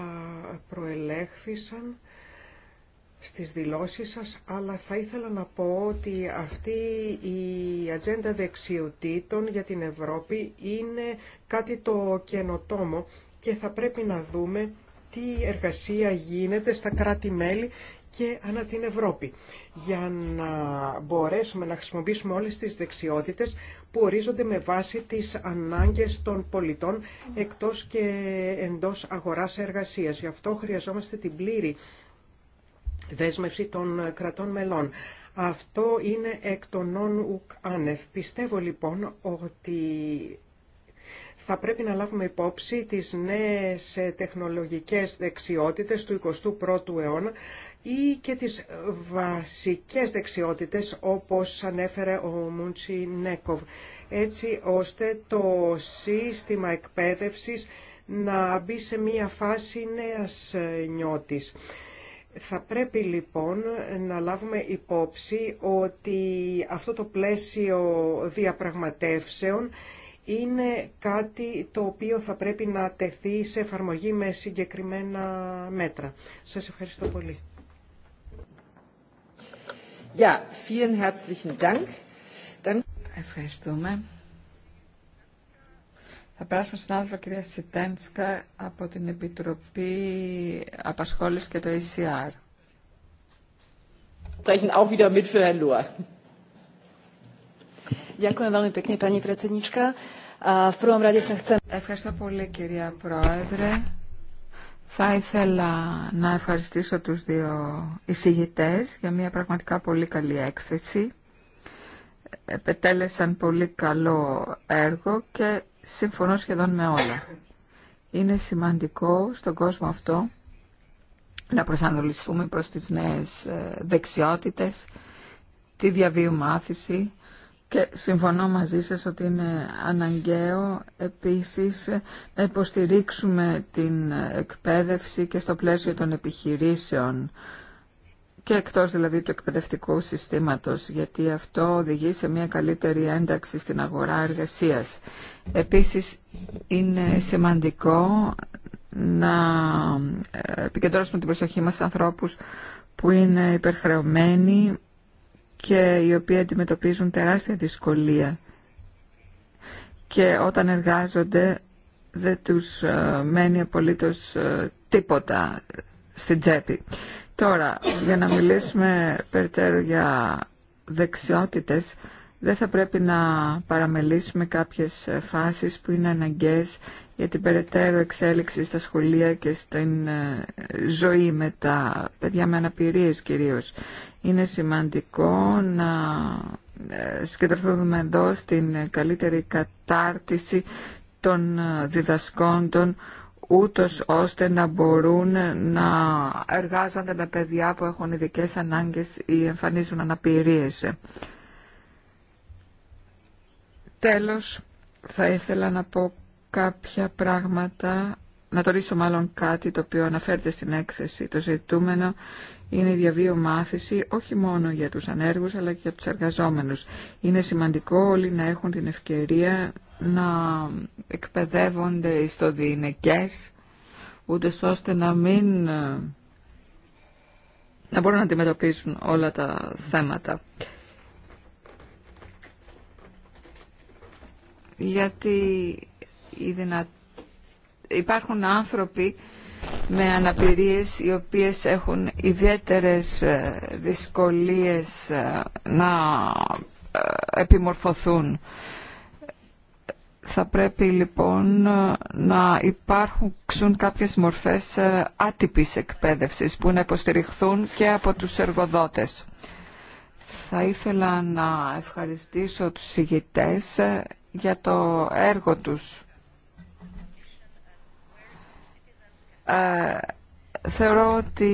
προελέχθησαν στις δηλώσεις σας, αλλά θα ήθελα να πω ότι αυτή η ατζέντα δεξιοτήτων για την Ευρώπη είναι κάτι το καινοτόμο και θα πρέπει να δούμε τι εργασία γίνεται στα κράτη-μέλη και ανά την Ευρώπη για να μπορέσουμε να χρησιμοποιήσουμε όλες τις δεξιότητες που ορίζονται με βάση τις ανάγκες των πολιτών εκτός και εντός αγοράς εργασίας. Γι' αυτό χρειαζόμαστε την πλήρη δέσμευση των κρατών μελών. Αυτό είναι εκ των νόνουκ άνευ. Πιστεύω λοιπόν ότι θα πρέπει να λάβουμε υπόψη τις νέες ε, τεχνολογικές δεξιότητες του 21ου αιώνα ή και τις βασικές δεξιότητες όπως ανέφερε ο Μουντσι Νέκοβ, έτσι ώστε το σύστημα εκπαίδευσης να μπει σε μία φάση νέας ε, νιώτης. Θα πρέπει λοιπόν να λάβουμε υπόψη ότι αυτό το πλαίσιο διαπραγματεύσεων είναι κάτι το οποίο θα πρέπει να τεθεί σε εφαρμογή με συγκεκριμένα μέτρα. Σας ευχαριστώ πολύ. Ja, vielen herzlichen Dank. Dann... Ευχαριστούμε. Θα περάσουμε στην άνθρωπο κυρία Σιτένσκα από την Επιτροπή Απασχόλησης και το ECR. Sprechen auch wieder mit für Herrn Lohr. Ευχαριστώ πολύ κυρία Πρόεδρε. Θα ήθελα να ευχαριστήσω τους δύο εισηγητές για μια πραγματικά πολύ καλή έκθεση. Επετέλεσαν πολύ καλό έργο και συμφωνώ σχεδόν με όλα. Είναι σημαντικό στον κόσμο αυτό να προσανατολιστούμε προς τις νέες ε, δεξιότητες, τη διαβίου μάθηση, και συμφωνώ μαζί σας ότι είναι αναγκαίο επίσης να υποστηρίξουμε την εκπαίδευση και στο πλαίσιο των επιχειρήσεων και εκτός δηλαδή του εκπαιδευτικού συστήματος, γιατί αυτό οδηγεί σε μια καλύτερη ένταξη στην αγορά εργασίας. Επίσης είναι σημαντικό να ε, επικεντρώσουμε την προσοχή μας ανθρώπους που είναι υπερχρεωμένοι και οι οποίοι αντιμετωπίζουν τεράστια δυσκολία και όταν εργάζονται δεν τους ε, μένει απολύτως ε, τίποτα στην τσέπη. Τώρα, για να μιλήσουμε περαιτέρω για δεξιότητες, δεν θα πρέπει να παραμελήσουμε κάποιες ε, φάσεις που είναι αναγκαίες για την περαιτέρω εξέλιξη στα σχολεία και στην ε, ζωή με τα παιδιά με αναπηρίες κυρίως. Είναι σημαντικό να ε, συγκεντρωθούμε εδώ στην καλύτερη κατάρτιση των ε, διδασκόντων ούτως ώστε να μπορούν να εργάζονται με παιδιά που έχουν ειδικέ ανάγκες ή εμφανίζουν αναπηρίες. Τέλος, θα ήθελα να πω κάποια πράγματα, να ρίσω μάλλον κάτι το οποίο αναφέρεται στην έκθεση. Το ζητούμενο είναι η διαβίω μάθηση όχι μόνο για τους ανέργους αλλά και για τους εργαζόμενους. Είναι σημαντικό όλοι να έχουν την ευκαιρία να εκπαιδεύονται στο διηνεκές ούτε ώστε να μην να μπορούν να αντιμετωπίσουν όλα τα θέματα. Γιατί η υπάρχουν άνθρωποι με αναπηρίες οι οποίες έχουν ιδιαίτερες ε, δυσκολίες ε, να ε, επιμορφωθούν. Θα πρέπει λοιπόν να υπάρχουν κάποιες μορφές άτυπης εκπαίδευσης που να υποστηριχθούν και από τους εργοδότες. Θα ήθελα να ευχαριστήσω τους ηγητές για το έργο τους θεωρώ ότι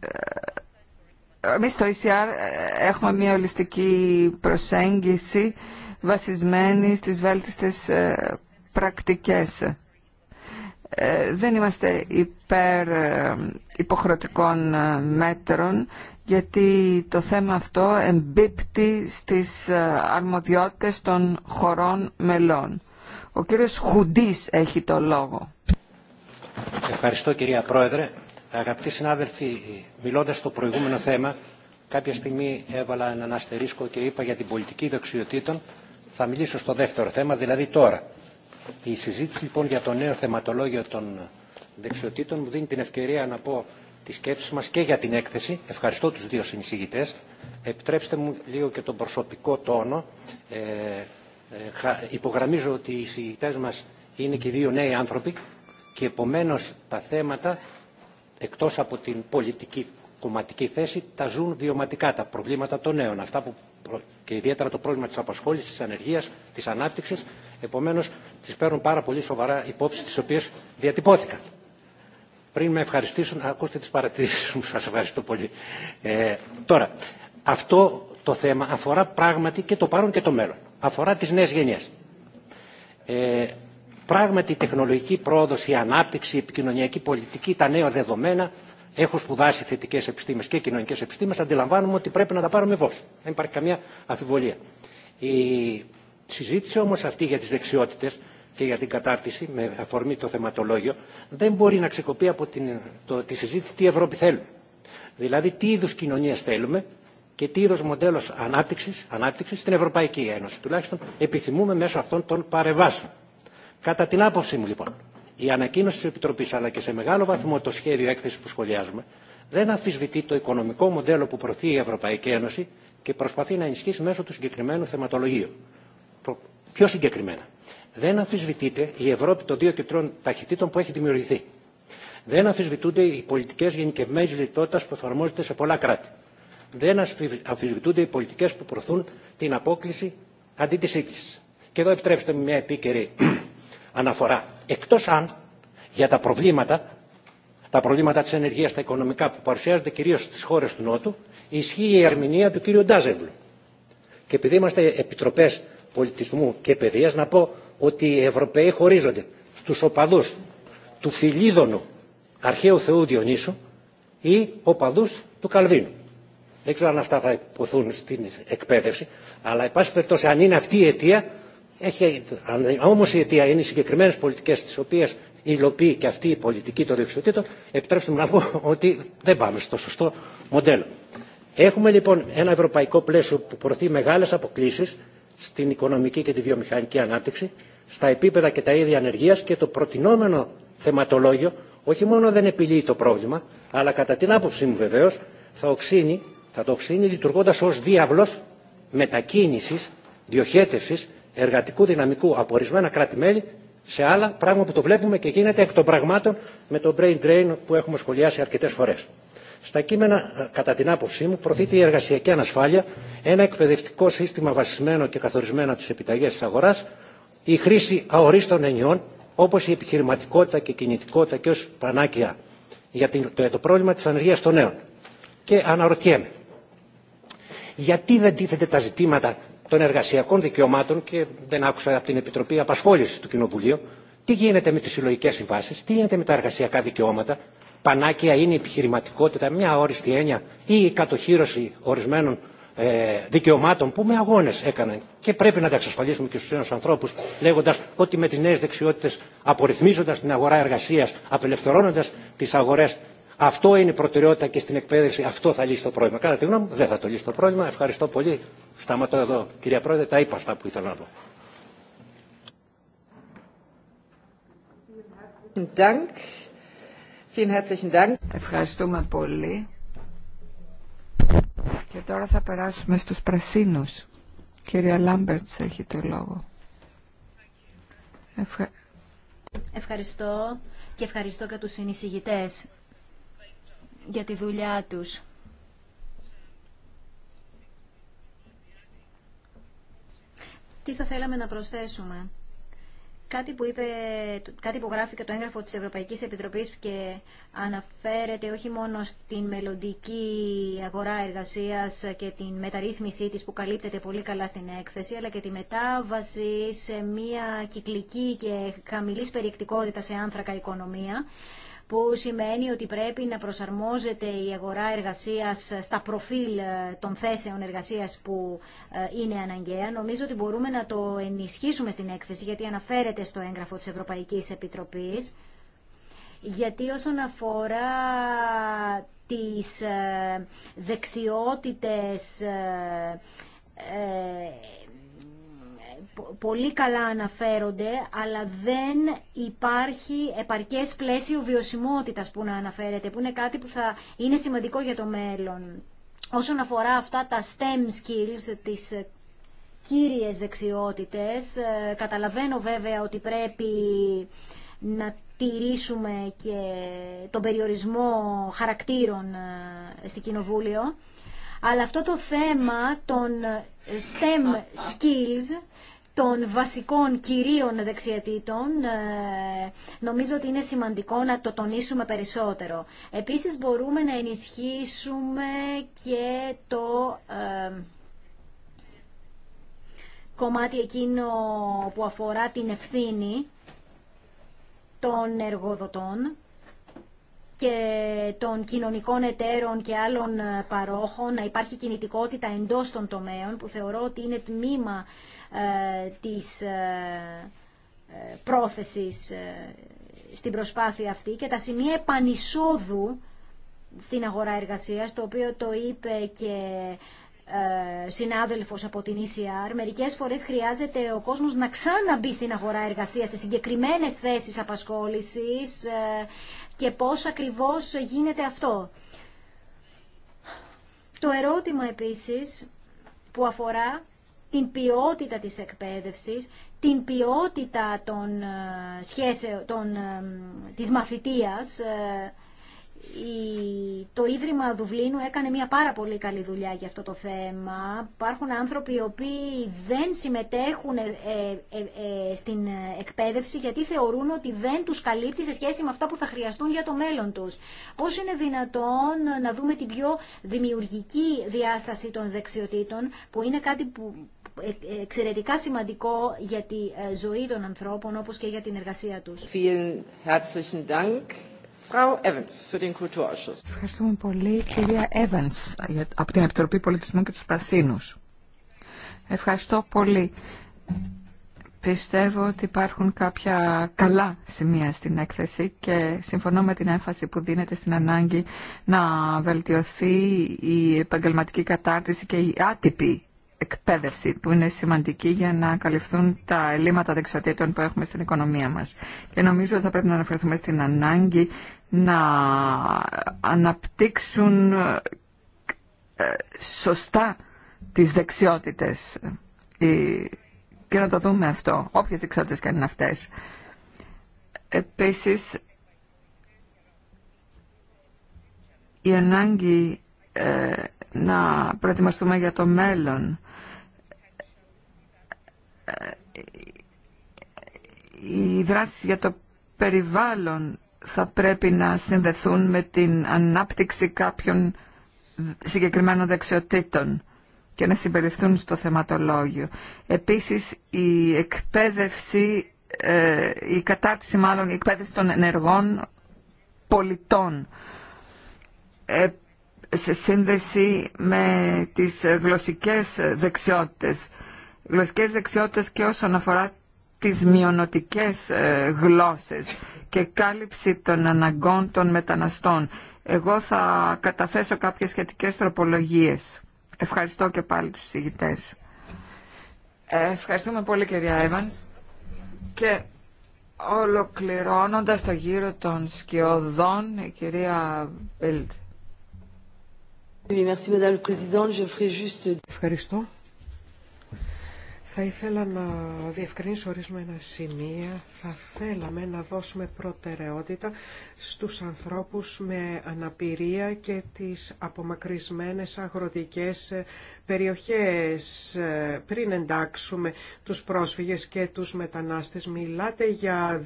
ε, εμείς στο ECR ε, έχουμε μια ολιστική προσέγγιση βασισμένη στις βέλτιστες ε, πρακτικές. Δεν είμαστε υπέρ υποχρεωτικών μέτρων γιατί το θέμα αυτό εμπίπτει στις αρμοδιότητες των χωρών μελών. Ο κύριος Χουντής έχει το λόγο. Ευχαριστώ κυρία Πρόεδρε. Αγαπητοί συνάδελφοι, μιλώντας στο προηγούμενο θέμα, κάποια στιγμή έβαλα έναν αστερίσκο και είπα για την πολιτική δεξιοτήτων, θα μιλήσω στο δεύτερο θέμα, δηλαδή τώρα. Η συζήτηση λοιπόν για το νέο θεματολόγιο των δεξιοτήτων μου δίνει την ευκαιρία να πω τις σκέψεις μας και για την έκθεση. Ευχαριστώ τους δύο συνεισηγητές. Επιτρέψτε μου λίγο και τον προσωπικό τόνο. Ε, ε υπογραμμίζω ότι οι συγητές μας είναι και δύο νέοι άνθρωποι και επομένως τα θέματα εκτός από την πολιτική κομματική θέση τα ζουν βιωματικά τα προβλήματα των νέων αυτά που, και ιδιαίτερα το πρόβλημα της απασχόλησης, της ανεργίας, της ανάπτυξης επομένως τις παίρνουν πάρα πολύ σοβαρά υπόψη τις οποίες διατυπώθηκαν. Πριν με ευχαριστήσουν, ακούστε τις παρατηρήσεις μου, σας ευχαριστώ πολύ. Ε, τώρα, αυτό το θέμα αφορά πράγματι και το παρόν και το μέλλον. Αφορά τις νέες γενιές. Ε, Πράγματι η τεχνολογική πρόοδος, η ανάπτυξη, η επικοινωνιακή πολιτική, τα νέα δεδομένα, έχω σπουδάσει θετικέ επιστήμες και κοινωνικέ επιστήμες, αντιλαμβάνομαι ότι πρέπει να τα πάρουμε υπόψη. Δεν υπάρχει καμία αμφιβολία. Η συζήτηση όμω αυτή για τι δεξιότητε και για την κατάρτιση με αφορμή το θεματολόγιο δεν μπορεί να ξεκοπεί από την, τη συζήτηση τι Ευρώπη θέλουμε. Δηλαδή τι είδου κοινωνίες θέλουμε και τι είδο μοντέλο ανάπτυξη στην Ευρωπαϊκή Ένωση. Τουλάχιστον επιθυμούμε μέσω αυτών των παρεμβάσεων. Κατά την άποψή μου λοιπόν, η ανακοίνωση της Επιτροπής αλλά και σε μεγάλο βαθμό το σχέδιο έκθεση που σχολιάζουμε δεν αμφισβητεί το οικονομικό μοντέλο που προωθεί η Ευρωπαϊκή Ένωση και προσπαθεί να ενισχύσει μέσω του συγκεκριμένου θεματολογίου. Πιο συγκεκριμένα, δεν αφισβητείται η Ευρώπη των δύο και τριών ταχυτήτων που έχει δημιουργηθεί. Δεν αφισβητούνται οι πολιτικέ γενικευμένη λιτότητα που εφαρμόζονται σε πολλά κράτη. Δεν αφισβητούνται οι πολιτικέ που προωθούν την απόκληση αντί τη Και εδώ επιτρέψτε μια επίκαιρη αναφορά. Εκτός αν για τα προβλήματα, τα προβλήματα της ενεργείας, τα οικονομικά που παρουσιάζονται κυρίως στις χώρες του Νότου, ισχύει η ερμηνεία του κύριου Ντάζευλου. Και επειδή είμαστε επιτροπές πολιτισμού και παιδείας, να πω ότι οι Ευρωπαίοι χωρίζονται στους οπαδούς του Φιλίδωνου αρχαίου Θεού Διονύσου ή οπαδούς του Καλβίνου. Δεν ξέρω αν αυτά θα υποθούν στην εκπαίδευση, αλλά, εν πάση περιπτώσει, αν είναι αυτή η αιτία, έχει, όμως η αιτία είναι οι συγκεκριμένες πολιτικές τις οποίες υλοποιεί και αυτή η πολιτική των δεξιοτήτων, επιτρέψτε μου να πω ότι δεν πάμε στο σωστό μοντέλο. Έχουμε λοιπόν ένα ευρωπαϊκό πλαίσιο που προωθεί μεγάλες αποκλήσεις στην οικονομική και τη βιομηχανική ανάπτυξη, στα επίπεδα και τα ίδια ανεργίας και το προτινόμενο θεματολόγιο όχι μόνο δεν επιλύει το πρόβλημα, αλλά κατά την άποψή μου βεβαίω θα, οξύνει, θα το οξύνει λειτουργώντας ως διάβλος μετακίνησης, διοχέτευσης εργατικού δυναμικού από ορισμένα κράτη-μέλη σε άλλα, πράγμα που το βλέπουμε και γίνεται εκ των πραγμάτων με το brain drain που έχουμε σχολιάσει αρκετέ φορέ. Στα κείμενα, ε, κατά την άποψή μου, προωθείται η εργασιακή ανασφάλεια, ένα εκπαιδευτικό σύστημα βασισμένο και καθορισμένο τη τι επιταγέ τη αγορά, η χρήση αορίστων ενιών, όπω η επιχειρηματικότητα και κινητικότητα και ω πανάκια για το πρόβλημα τη ανεργία των νέων. Και αναρωτιέμαι, γιατί δεν τίθεται τα ζητήματα των εργασιακών δικαιωμάτων και δεν άκουσα από την Επιτροπή Απασχόληση του Κοινοβουλίου τι γίνεται με τι συλλογικέ συμβάσει, τι γίνεται με τα εργασιακά δικαιώματα. Πανάκια είναι η επιχειρηματικότητα, μια όριστη έννοια ή η κατοχήρωση ορισμένων ε, δικαιωμάτων που με αγώνε έκαναν. Και πρέπει να τα εξασφαλίσουμε και στου νέου ανθρώπου, λέγοντα ότι με τι νέε δεξιότητε, απορριθμίζοντα την αγορά εργασία, απελευθερώνοντα τι αγορέ αυτό είναι η προτεραιότητα και στην εκπαίδευση. Αυτό θα λύσει το πρόβλημα. Κατά τη γνώμη μου δεν θα το λύσει το πρόβλημα. Ευχαριστώ πολύ. Σταματώ εδώ. Κυρία Πρόεδρε, τα είπα αυτά που ήθελα να πω. Ευχαριστούμε πολύ. Και τώρα θα περάσουμε στους πρασίνους. Κυρία Λάμπερτς έχει το λόγο. Ευχαριστώ και ευχαριστώ και τους συνεισηγητές για τη δουλειά τους. Τι θα θέλαμε να προσθέσουμε. Κάτι που, είπε, κάτι που γράφει και το έγγραφο της Ευρωπαϊκής Επιτροπής και αναφέρεται όχι μόνο στην μελλοντική αγορά εργασίας και την μεταρρύθμιση της που καλύπτεται πολύ καλά στην έκθεση, αλλά και τη μετάβαση σε μια κυκλική και χαμηλής περιεκτικότητα σε άνθρακα οικονομία που σημαίνει ότι πρέπει να προσαρμόζεται η αγορά εργασίας στα προφίλ ε, των θέσεων εργασίας που ε, είναι αναγκαία. Νομίζω ότι μπορούμε να το ενισχύσουμε στην έκθεση γιατί αναφέρεται στο έγγραφο της Ευρωπαϊκής Επιτροπής γιατί όσον αφορά τις ε, δεξιότητες πολύ καλά αναφέρονται, αλλά δεν υπάρχει επαρκές πλαίσιο βιωσιμότητας που να αναφέρεται, που είναι κάτι που θα είναι σημαντικό για το μέλλον. Όσον αφορά αυτά τα STEM skills, τις ε, κύριες δεξιότητες, ε, καταλαβαίνω βέβαια ότι πρέπει να τηρήσουμε και τον περιορισμό χαρακτήρων ε, στη Κοινοβούλιο, αλλά αυτό το θέμα των STEM skills των βασικών κυρίων δεξιετήτων, ε, νομίζω ότι είναι σημαντικό να το τονίσουμε περισσότερο. Επίσης μπορούμε να ενισχύσουμε και το ε, κομμάτι εκείνο που αφορά την ευθύνη των εργοδοτών και των κοινωνικών εταίρων και άλλων παρόχων, να υπάρχει κινητικότητα εντός των τομέων, που θεωρώ ότι είναι τμήμα ε, της ε, ε, πρόθεσης στην προσπάθεια αυτή και τα σημεία επανεισόδου στην αγορά εργασίας, το οποίο το είπε και συνάδελφος από την ECR, μερικές φορές χρειάζεται ο κόσμος να ξαναμπεί στην αγορά εργασίας, σε συγκεκριμένες θέσεις απασχόλησης και πώς ακριβώς γίνεται αυτό. Το ερώτημα επίσης που αφορά την ποιότητα της εκπαίδευσης, την ποιότητα των ε, σχέσεων, των, ε, της μαθητείας. Ε, το Ίδρυμα Δουβλίνου έκανε μια πάρα πολύ καλή δουλειά για αυτό το θέμα. Υπάρχουν άνθρωποι οι οποίοι δεν συμμετέχουν στην εκπαίδευση γιατί θεωρούν ότι δεν τους καλύπτει σε σχέση με αυτά που θα χρειαστούν για το μέλλον τους. Πώς είναι δυνατόν να δούμε την πιο δημιουργική διάσταση των δεξιοτήτων που είναι κάτι που ε, εξαιρετικά σημαντικό για τη ε, ζωή των ανθρώπων όπως και για την εργασία τους. Ευχαριστούμε πολύ κυρία Evans από την Επιτροπή Πολιτισμού και τους Πρασίνους. Ευχαριστώ πολύ. Πιστεύω ότι υπάρχουν κάποια καλά σημεία στην έκθεση και συμφωνώ με την έμφαση που δίνεται στην ανάγκη να βελτιωθεί η επαγγελματική κατάρτιση και η άτυπη εκπαίδευση που είναι σημαντική για να καλυφθούν τα ελλείμματα δεξιοτήτων που έχουμε στην οικονομία μας. Και νομίζω ότι θα πρέπει να αναφερθούμε στην ανάγκη να αναπτύξουν ε, σωστά τις δεξιότητες ε, και να το δούμε αυτό, όποιες δεξιότητες και αν είναι αυτές. Επίσης, η ανάγκη ε, να προετοιμαστούμε για το μέλλον. Οι δράσεις για το περιβάλλον θα πρέπει να συνδεθούν με την ανάπτυξη κάποιων συγκεκριμένων δεξιοτήτων και να συμπεριφθούν στο θεματολόγιο. Επίσης, η εκπαίδευση, ε, η κατάρτιση μάλλον, η εκπαίδευση των ενεργών πολιτών ε, σε σύνδεση με τις γλωσσικές δεξιότητες. Γλωσσικές δεξιότητες και όσον αφορά τις μειονοτικές ε, γλώσσες και κάλυψη των αναγκών των μεταναστών. Εγώ θα καταθέσω κάποιες σχετικές τροπολογίες. Ευχαριστώ και πάλι τους συγητές. Ε, ευχαριστούμε πολύ κυρία Εύανς. Και ολοκληρώνοντας το γύρο των σκιωδών, η κυρία Μπίλτ. Ευχαριστώ. Θα ήθελα να διευκρινίσω ορισμένα σημεία. Θα θέλαμε να δώσουμε προτεραιότητα στους ανθρώπους με αναπηρία και τις απομακρυσμένες αγροτικές περιοχές. Πριν εντάξουμε τους πρόσφυγες και τους μετανάστες, μιλάτε για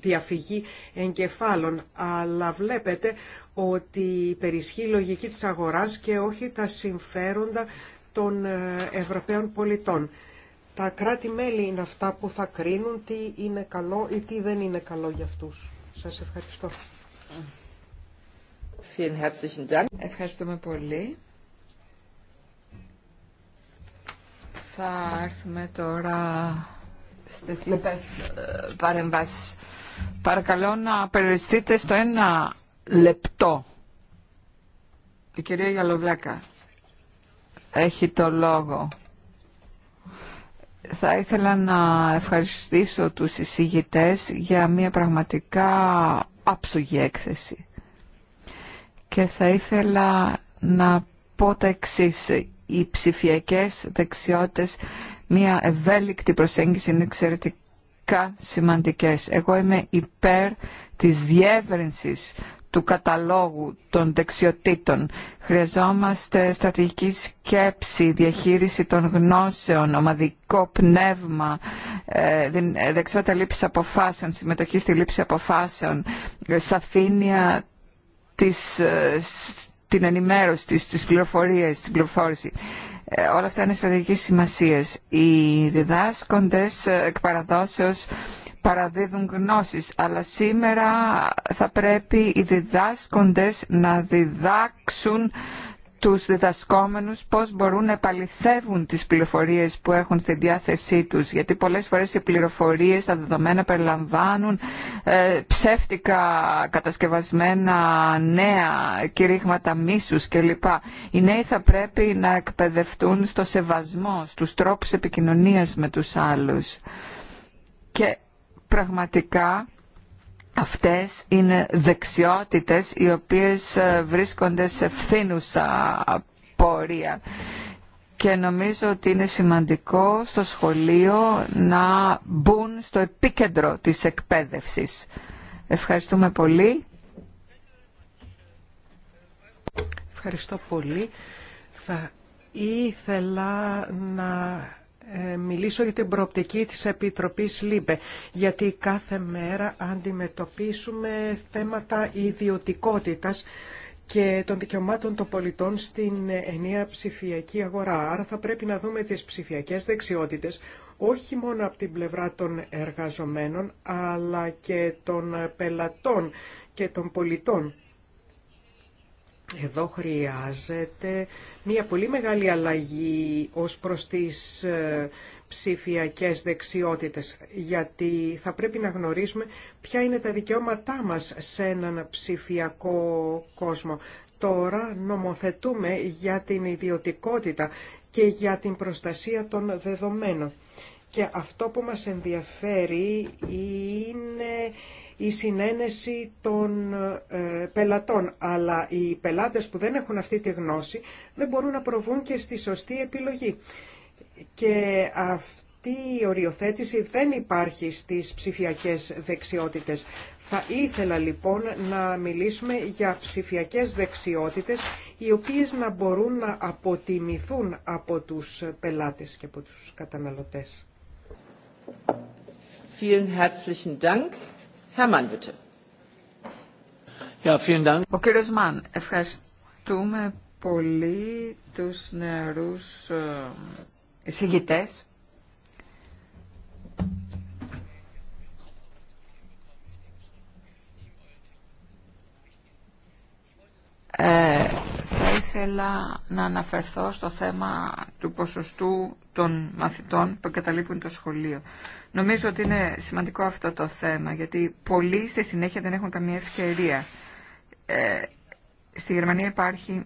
διαφυγή εγκεφάλων, αλλά βλέπετε ότι υπερισχύει η λογική της αγοράς και όχι τα συμφέροντα των ε, Ευρωπαίων πολιτών. Τα κράτη-μέλη είναι αυτά που θα κρίνουν τι είναι καλό ή τι δεν είναι καλό για αυτούς. Σας ευχαριστώ. Ευχαριστούμε πολύ. Θα έρθουμε τώρα στις λοιπές ναι. ε, παρεμβάσεις. Παρακαλώ να περιοριστείτε στο ένα λεπτό. Η κυρία Γιαλοβλάκα έχει το λόγο. Θα ήθελα να ευχαριστήσω τους εισηγητές για μια πραγματικά άψογη έκθεση. Και θα ήθελα να πω τα εξής. Οι ψηφιακές δεξιότητες, μια ευέλικτη προσέγγιση είναι εξαιρετικά σημαντικές. Εγώ είμαι υπέρ της διεύρυνσης του καταλόγου των δεξιοτήτων. Χρειαζόμαστε στρατηγική σκέψη, διαχείριση των γνώσεων, ομαδικό πνεύμα, ε, ε, δεξιότητα λήψη αποφάσεων, συμμετοχή στη λήψη αποφάσεων, ε, σαφήνεια της, την ενημέρωση, της, της πληροφορίας, την πληροφόρηση. Ε, όλα αυτά είναι στρατηγική σημασία. Οι διδάσκοντες ε, εκ παραδόσεω παραδίδουν γνώσει. αλλά σήμερα θα πρέπει οι διδάσκοντες να διδάξουν τους διδασκόμενους πώς μπορούν να επαληθεύουν τις πληροφορίες που έχουν στη διάθεσή τους γιατί πολλές φορές οι πληροφορίες, τα δεδομένα περιλαμβάνουν ε, ψεύτικα κατασκευασμένα νέα κηρύγματα μίσους κλπ. Οι νέοι θα πρέπει να εκπαιδευτούν στο σεβασμό, στους τρόπους επικοινωνίας με τους άλλους και πραγματικά Αυτές είναι δεξιότητες οι οποίες ε, βρίσκονται σε φθήνουσα πορεία και νομίζω ότι είναι σημαντικό στο σχολείο να μπουν στο επίκεντρο της εκπαίδευσης. Ευχαριστούμε πολύ. Ευχαριστώ πολύ. Θα ήθελα να ε, μιλήσω για την προοπτική της Επιτροπής ΛΥΜΠΕ, γιατί κάθε μέρα αντιμετωπίσουμε θέματα ιδιωτικότητας και των δικαιωμάτων των πολιτών στην ενιαία ψηφιακή αγορά. Άρα θα πρέπει να δούμε τις ψηφιακές δεξιότητες, όχι μόνο από την πλευρά των εργαζομένων, αλλά και των πελατών και των πολιτών. Εδώ χρειάζεται μια πολύ μεγάλη αλλαγή ως προς τις ε, ψηφιακές δεξιότητες, γιατί θα πρέπει να γνωρίζουμε ποια είναι τα δικαιώματά μας σε έναν ψηφιακό κόσμο. Τώρα νομοθετούμε για την ιδιωτικότητα και για την προστασία των δεδομένων. Και αυτό που μας ενδιαφέρει είναι η συνένεση των ε, πελατών. Αλλά οι πελάτες που δεν έχουν αυτή τη γνώση δεν μπορούν να προβούν και στη σωστή επιλογή. Και αυτή η οριοθέτηση δεν υπάρχει στις ψηφιακές δεξιότητες. Θα ήθελα λοιπόν να μιλήσουμε για ψηφιακές δεξιότητες οι οποίες να μπορούν να αποτιμηθούν από τους πελάτες και από τους καταναλωτές. Vielen herzlichen Dank. Ο κύριος Μαν, ευχαριστούμε πολύ τους νεαρούς ε, εισηγητές. Ε, θα ήθελα να αναφερθώ στο θέμα του ποσοστού των μαθητών που εγκαταλείπουν το σχολείο. Νομίζω ότι είναι σημαντικό αυτό το θέμα, γιατί πολλοί στη συνέχεια δεν έχουν καμία ευκαιρία. Ε, στη Γερμανία υπάρχει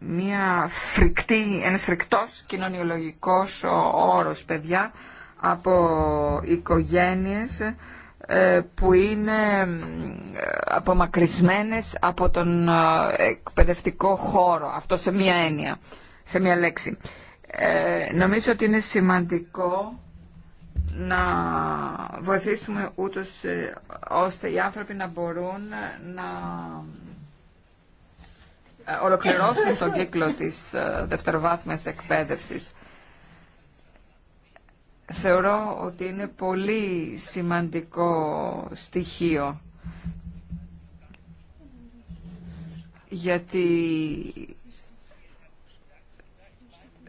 μια φρικτή, ένας φρικτός κοινωνιολογικός όρος παιδιά από οικογένειες ε, που είναι ε, απομακρυσμένες από τον ε, εκπαιδευτικό χώρο, αυτό σε μία έννοια, σε μία λέξη. Ε, νομίζω ότι είναι σημαντικό να βοηθήσουμε ούτως ε, ώστε οι άνθρωποι να μπορούν να ε, ολοκληρώσουν τον κύκλο της δευτεροβάθμιας εκπαίδευσης. Θεωρώ ότι είναι πολύ σημαντικό στοιχείο γιατί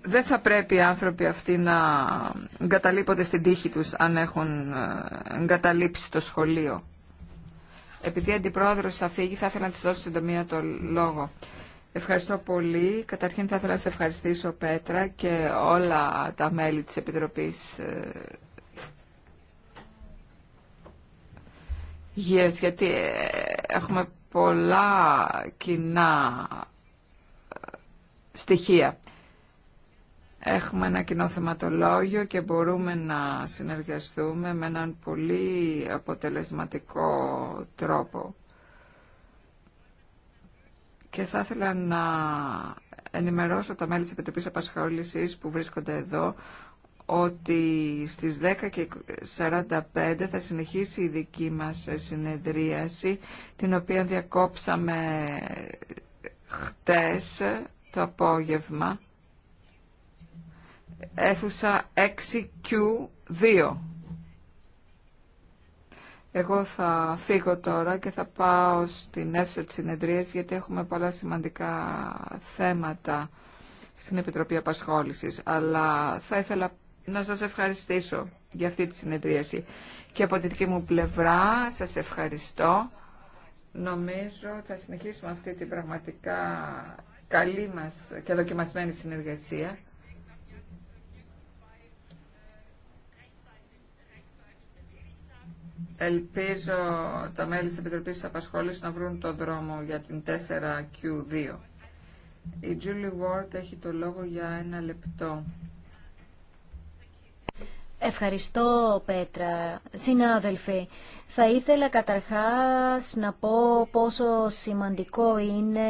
δεν θα πρέπει οι άνθρωποι αυτοί να εγκαταλείπονται στην τύχη τους αν έχουν ε, εγκαταλείψει το σχολείο. Επειδή Αντιπρόεδρος θα φύγει, θα ήθελα να της δώσω συντομία το λόγο. Ευχαριστώ πολύ. Καταρχήν θα ήθελα να σε ευχαριστήσω, Πέτρα, και όλα τα μέλη της Επιτροπής Υγείας, ε, γιατί ε, έχουμε πολλά κοινά στοιχεία. Έχουμε ένα κοινό θεματολόγιο και μπορούμε να συνεργαστούμε με έναν πολύ αποτελεσματικό τρόπο. Και θα ήθελα να ενημερώσω τα μέλη της Επιτροπής Απασχόλησης που βρίσκονται εδώ ότι στις 10 και 45 θα συνεχίσει η δική μας συνεδρίαση την οποία διακόψαμε χτες το απόγευμα εθουσα 6 6Q2. Εγώ θα φύγω τώρα και θα πάω στην αίθουσα της συνεδρίας γιατί έχουμε πολλά σημαντικά θέματα στην Επιτροπή Απασχόλησης. Αλλά θα ήθελα να σας ευχαριστήσω για αυτή τη συνεδρίαση. Και από τη δική μου πλευρά σας ευχαριστώ. Νομίζω θα συνεχίσουμε αυτή την πραγματικά καλή μας και δοκιμασμένη συνεργασία Ελπίζω τα μέλη της Επιτροπής της Απασχόλησης να βρουν τον δρόμο για την 4Q2. Η Julie Ward έχει το λόγο για ένα λεπτό. Ευχαριστώ Πέτρα. Συνάδελφοι, θα ήθελα καταρχάς να πω πόσο σημαντικό είναι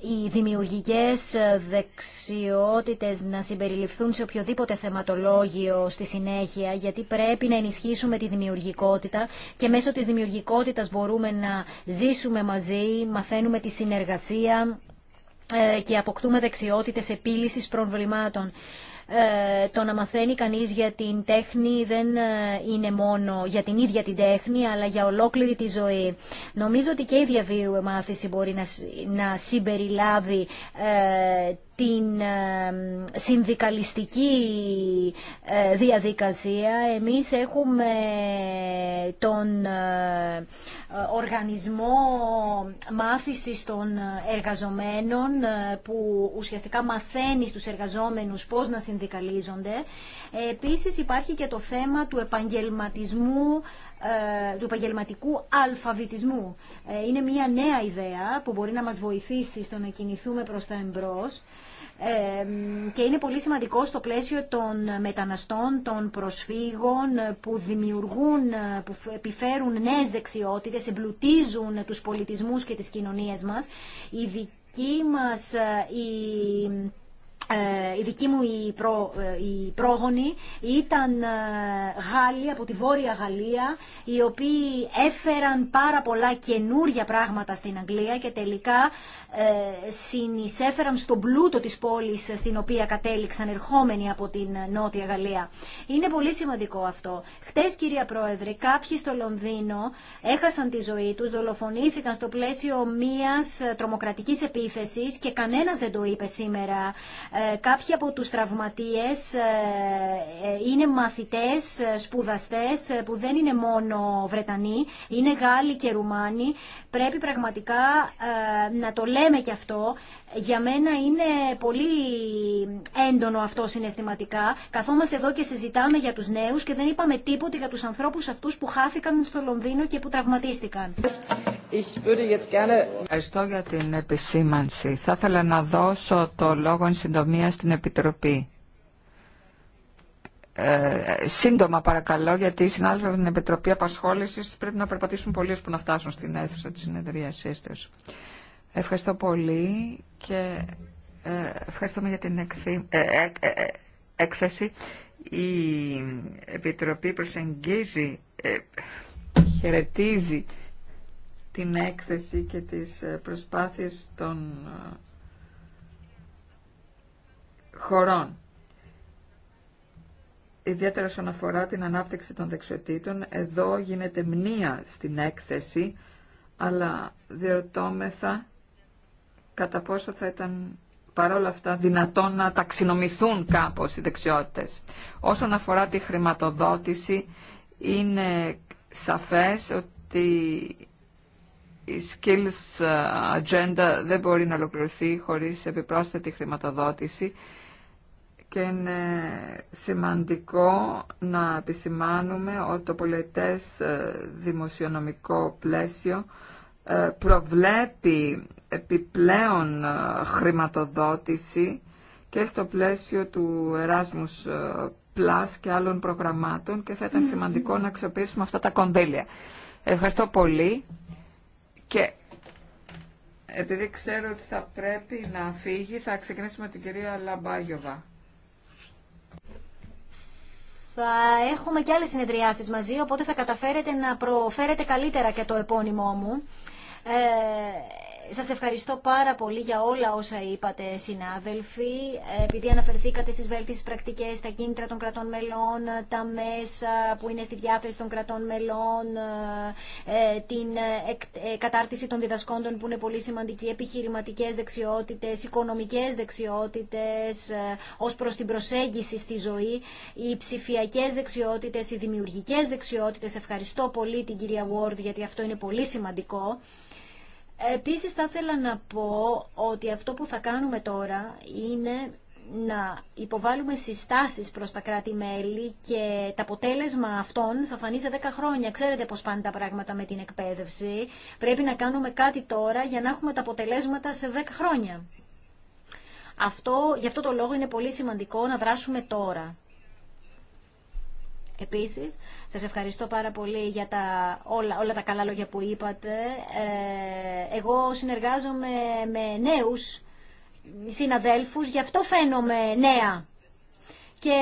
οι δημιουργικές ε, δεξιότητες να συμπεριληφθούν σε οποιοδήποτε θεματολόγιο στη συνέχεια, γιατί πρέπει να ενισχύσουμε τη δημιουργικότητα και μέσω της δημιουργικότητας μπορούμε να ζήσουμε μαζί, μαθαίνουμε τη συνεργασία ε, και αποκτούμε δεξιότητες επίλυσης προβλημάτων. Ε, το να μαθαίνει κανείς για την τέχνη δεν ε, είναι μόνο για την ίδια την τέχνη, αλλά για ολόκληρη τη ζωή. Νομίζω ότι και η διαβίου μάθηση μπορεί να συμπεριλάβει ε, την συνδικαλιστική ε, διαδικασία. Εμείς έχουμε τον ε, οργανισμό μάθησης των εργαζομένων ε, που ουσιαστικά μαθαίνει στους εργαζόμενους πώς να συνδικαλίζονται. Επίσης υπάρχει και το θέμα του επαγγελματισμού του επαγγελματικού αλφαβητισμού. Είναι μια νέα ιδέα που μπορεί να μας βοηθήσει στο να κινηθούμε προς τα εμπρός και είναι πολύ σημαντικό στο πλαίσιο των μεταναστών, των προσφύγων που δημιουργούν, που επιφέρουν νέες δεξιότητες, εμπλουτίζουν τους πολιτισμούς και τις κοινωνίες μας. Η δική μας ε, η ε, η δική μου οι προ, ε, ήταν ε, Γάλλοι από τη Βόρεια Γαλλία οι οποίοι έφεραν πάρα πολλά καινούργια πράγματα στην Αγγλία και τελικά ε, συνεισέφεραν στον πλούτο της πόλης στην οποία κατέληξαν ερχόμενοι από την Νότια Γαλλία. Είναι πολύ σημαντικό αυτό. Χτες κυρία Πρόεδρε κάποιοι στο Λονδίνο έχασαν τη ζωή τους, δολοφονήθηκαν στο πλαίσιο μιας τρομοκρατικής επίθεσης και κανένας δεν το είπε σήμερα ε, κάποιοι από τους τραυματίες ε, ε, είναι μαθητές, σπουδαστές που δεν είναι μόνο Βρετανοί, είναι Γάλλοι και Ρουμάνοι. Πρέπει πραγματικά να το λέμε και αυτό, για μένα είναι πολύ έντονο αυτό συναισθηματικά. Καθόμαστε εδώ και συζητάμε για τους νέους και δεν είπαμε τίποτα για τους ανθρώπους αυτούς που χάθηκαν στο Λονδίνο και που τραυματίστηκαν. Ευχαριστώ για την επισήμανση. Θα ήθελα να δώσω το λόγο εν συντομία στην Επιτροπή. Ε, σύντομα παρακαλώ, γιατί οι συνάδελφοι από την Επιτροπή Απασχόλησης πρέπει να περπατήσουν πολύ ώστε να φτάσουν στην αίθουσα της συνεδρίας τους. Ευχαριστώ πολύ και ε, ευχαριστούμε για την ε, ε, έκθεση. Η Επιτροπή προσεγγίζει, χαιρετίζει την έκθεση και τις προσπάθειες των χωρών. Ιδιαίτερα όσον αφορά την ανάπτυξη των δεξιοτήτων, εδώ γίνεται μνήα στην έκθεση, αλλά διερωτώμεθα κατά πόσο θα ήταν παρόλα αυτά δυνατόν να ταξινομηθούν κάπως οι δεξιότητες. Όσον αφορά τη χρηματοδότηση, είναι σαφές ότι η skills agenda δεν μπορεί να ολοκληρωθεί χωρίς επιπρόσθετη χρηματοδότηση και είναι σημαντικό να επισημάνουμε ότι το πολιτές ε, δημοσιονομικό πλαίσιο ε, προβλέπει επιπλέον ε, χρηματοδότηση και στο πλαίσιο του Erasmus ε, Plus και άλλων προγραμμάτων και θα ήταν σημαντικό να αξιοποιήσουμε αυτά τα κονδύλια. Ευχαριστώ πολύ και επειδή ξέρω ότι θα πρέπει να φύγει, θα ξεκινήσουμε την κυρία Λαμπάγιοβα. Θα έχουμε και άλλες συνεδριάσεις μαζί, οπότε θα καταφέρετε να προφέρετε καλύτερα και το επώνυμό μου. Ε, σας ευχαριστώ πάρα πολύ για όλα όσα είπατε συνάδελφοι. Επειδή αναφερθήκατε στις βέλτιστες πρακτικές, τα κίνητρα των κρατών μελών, τα μέσα που είναι στη διάθεση των κρατών μελών, ε, την ε, ε, κατάρτιση των διδασκόντων που είναι πολύ σημαντική, επιχειρηματικές δεξιότητες, οικονομικές δεξιότητες ως προς την προσέγγιση στη ζωή, οι ψηφιακές δεξιότητες, οι δημιουργικές δεξιότητες. Ευχαριστώ πολύ την κυρία Βόρτ, γιατί αυτό είναι πολύ σημαντικό. Επίσης θα ήθελα να πω ότι αυτό που θα κάνουμε τώρα είναι να υποβάλουμε συστάσεις προς τα κράτη-μέλη και το αποτέλεσμα αυτών θα φανεί σε 10 χρόνια. Ξέρετε πώς πάνε τα πράγματα με την εκπαίδευση. Πρέπει να κάνουμε κάτι τώρα για να έχουμε τα αποτελέσματα σε 10 χρόνια. Αυτό, γι' αυτό το λόγο είναι πολύ σημαντικό να δράσουμε τώρα. Επίσης, σας ευχαριστώ πάρα πολύ για τα, όλα, όλα τα καλά λόγια που είπατε. Ε, εγώ συνεργάζομαι με νέους συναδέλφους, γι' αυτό φαίνομαι νέα. Και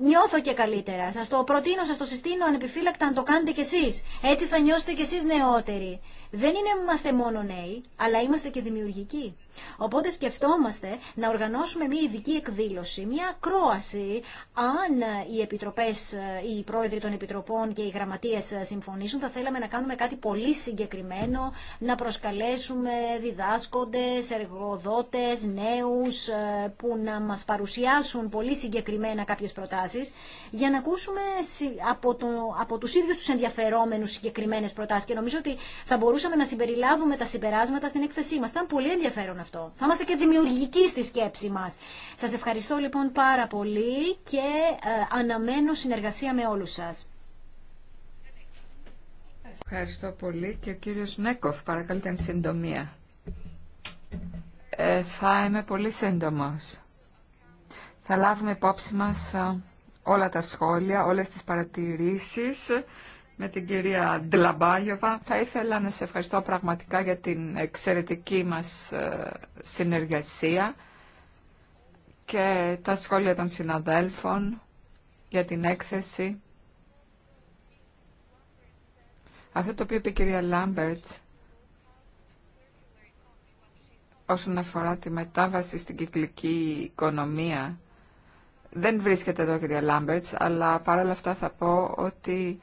νιώθω και καλύτερα. Σας το προτείνω, σας το συστήνω ανεπιφύλακτα να το κάνετε κι εσείς. Έτσι θα νιώσετε κι εσείς νεότεροι δεν είναι, είμαστε μόνο νέοι, αλλά είμαστε και δημιουργικοί. Οπότε σκεφτόμαστε να οργανώσουμε μια ειδική εκδήλωση, μια ακρόαση, αν οι επιτροπές, οι πρόεδροι των επιτροπών και οι γραμματείες συμφωνήσουν, θα θέλαμε να κάνουμε κάτι πολύ συγκεκριμένο, να προσκαλέσουμε διδάσκοντες, εργοδότες, νέους, ε, που να μας παρουσιάσουν πολύ συγκεκριμένα κάποιες προτάσεις, για να ακούσουμε από, το, από τους ίδιους τους ενδιαφερόμενους συγκεκριμένες προτάσεις. Και νομίζω ότι θα μπορούσαμε να συμπεριλάβουμε τα συμπεράσματα στην έκθεσή μα. Ήταν πολύ ενδιαφέρον αυτό. Θα είμαστε και δημιουργικοί στη σκέψη μα. Σα ευχαριστώ λοιπόν πάρα πολύ και ε, αναμένω συνεργασία με όλου σα. Ευχαριστώ πολύ και ο κύριος Νέκοφ παρακαλώ την συντομία. Ε, θα είμαι πολύ σύντομος. Θα λάβουμε υπόψη μας ε, όλα τα σχόλια, όλες τις παρατηρήσεις με την κυρία Ντλαμπάγιοβα. Θα ήθελα να σε ευχαριστώ πραγματικά για την εξαιρετική μας ε, συνεργασία και τα σχόλια των συναδέλφων για την έκθεση. Αυτό το οποίο είπε η κυρία Λάμπερτ όσον αφορά τη μετάβαση στην κυκλική οικονομία δεν βρίσκεται εδώ κυρία Λάμπερτς αλλά παρόλα αυτά θα πω ότι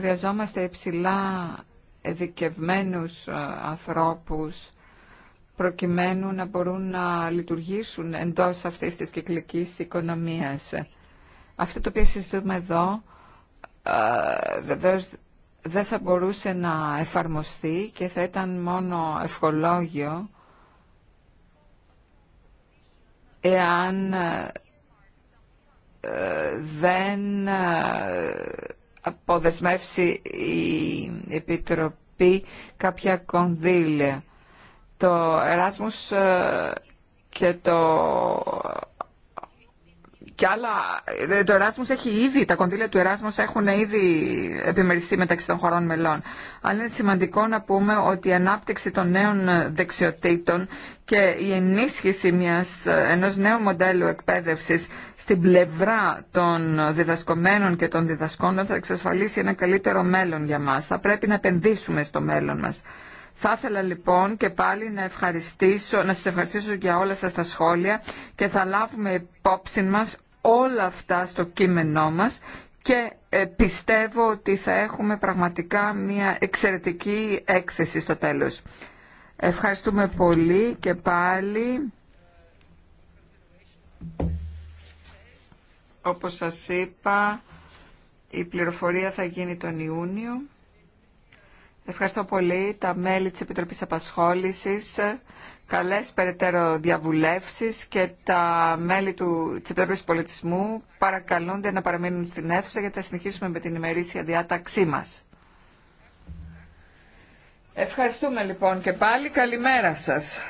Χρειαζόμαστε υψηλά εδικευμένους ε, ανθρώπους προκειμένου να μπορούν να λειτουργήσουν εντός αυτής της κυκλικής οικονομίας. Αυτό το οποίο συζητούμε εδώ ε, βεβαίως δεν θα μπορούσε να εφαρμοστεί και θα ήταν μόνο ευχολόγιο εάν ε, δεν αποδεσμεύσει η Επιτροπή κάποια κονδύλια. Το Εράσμους και το και άλλα, ε, το έχει ήδη, τα κονδύλια του Εράσμος έχουν ήδη επιμεριστεί μεταξύ των χωρών μελών. Αλλά είναι σημαντικό να πούμε ότι η ανάπτυξη των νέων δεξιοτήτων και η ενίσχυση μιας, ε, ενός νέου μοντέλου εκπαίδευσης στην πλευρά των διδασκομένων και των διδασκόντων θα εξασφαλίσει ένα καλύτερο μέλλον για μα. Θα πρέπει να επενδύσουμε στο μέλλον μα. Θα ήθελα λοιπόν και πάλι να, ευχαριστήσω, να σας ευχαριστήσω για όλα σας τα σχόλια και θα λάβουμε υπόψη μας όλα αυτά στο κείμενό μας και ε, πιστεύω ότι θα έχουμε πραγματικά μια εξαιρετική έκθεση στο τέλος. Ευχαριστούμε πολύ και πάλι. Όπως σας είπα, η πληροφορία θα γίνει τον Ιούνιο. Ευχαριστώ πολύ τα μέλη της Επιτροπής Απασχόλησης, καλές περαιτέρω διαβουλεύσεις και τα μέλη του, της Επιτροπής Πολιτισμού παρακαλούνται να παραμείνουν στην αίθουσα γιατί θα συνεχίσουμε με την ημερήσια διάταξή μας. Ευχαριστούμε λοιπόν και πάλι. Καλημέρα σας.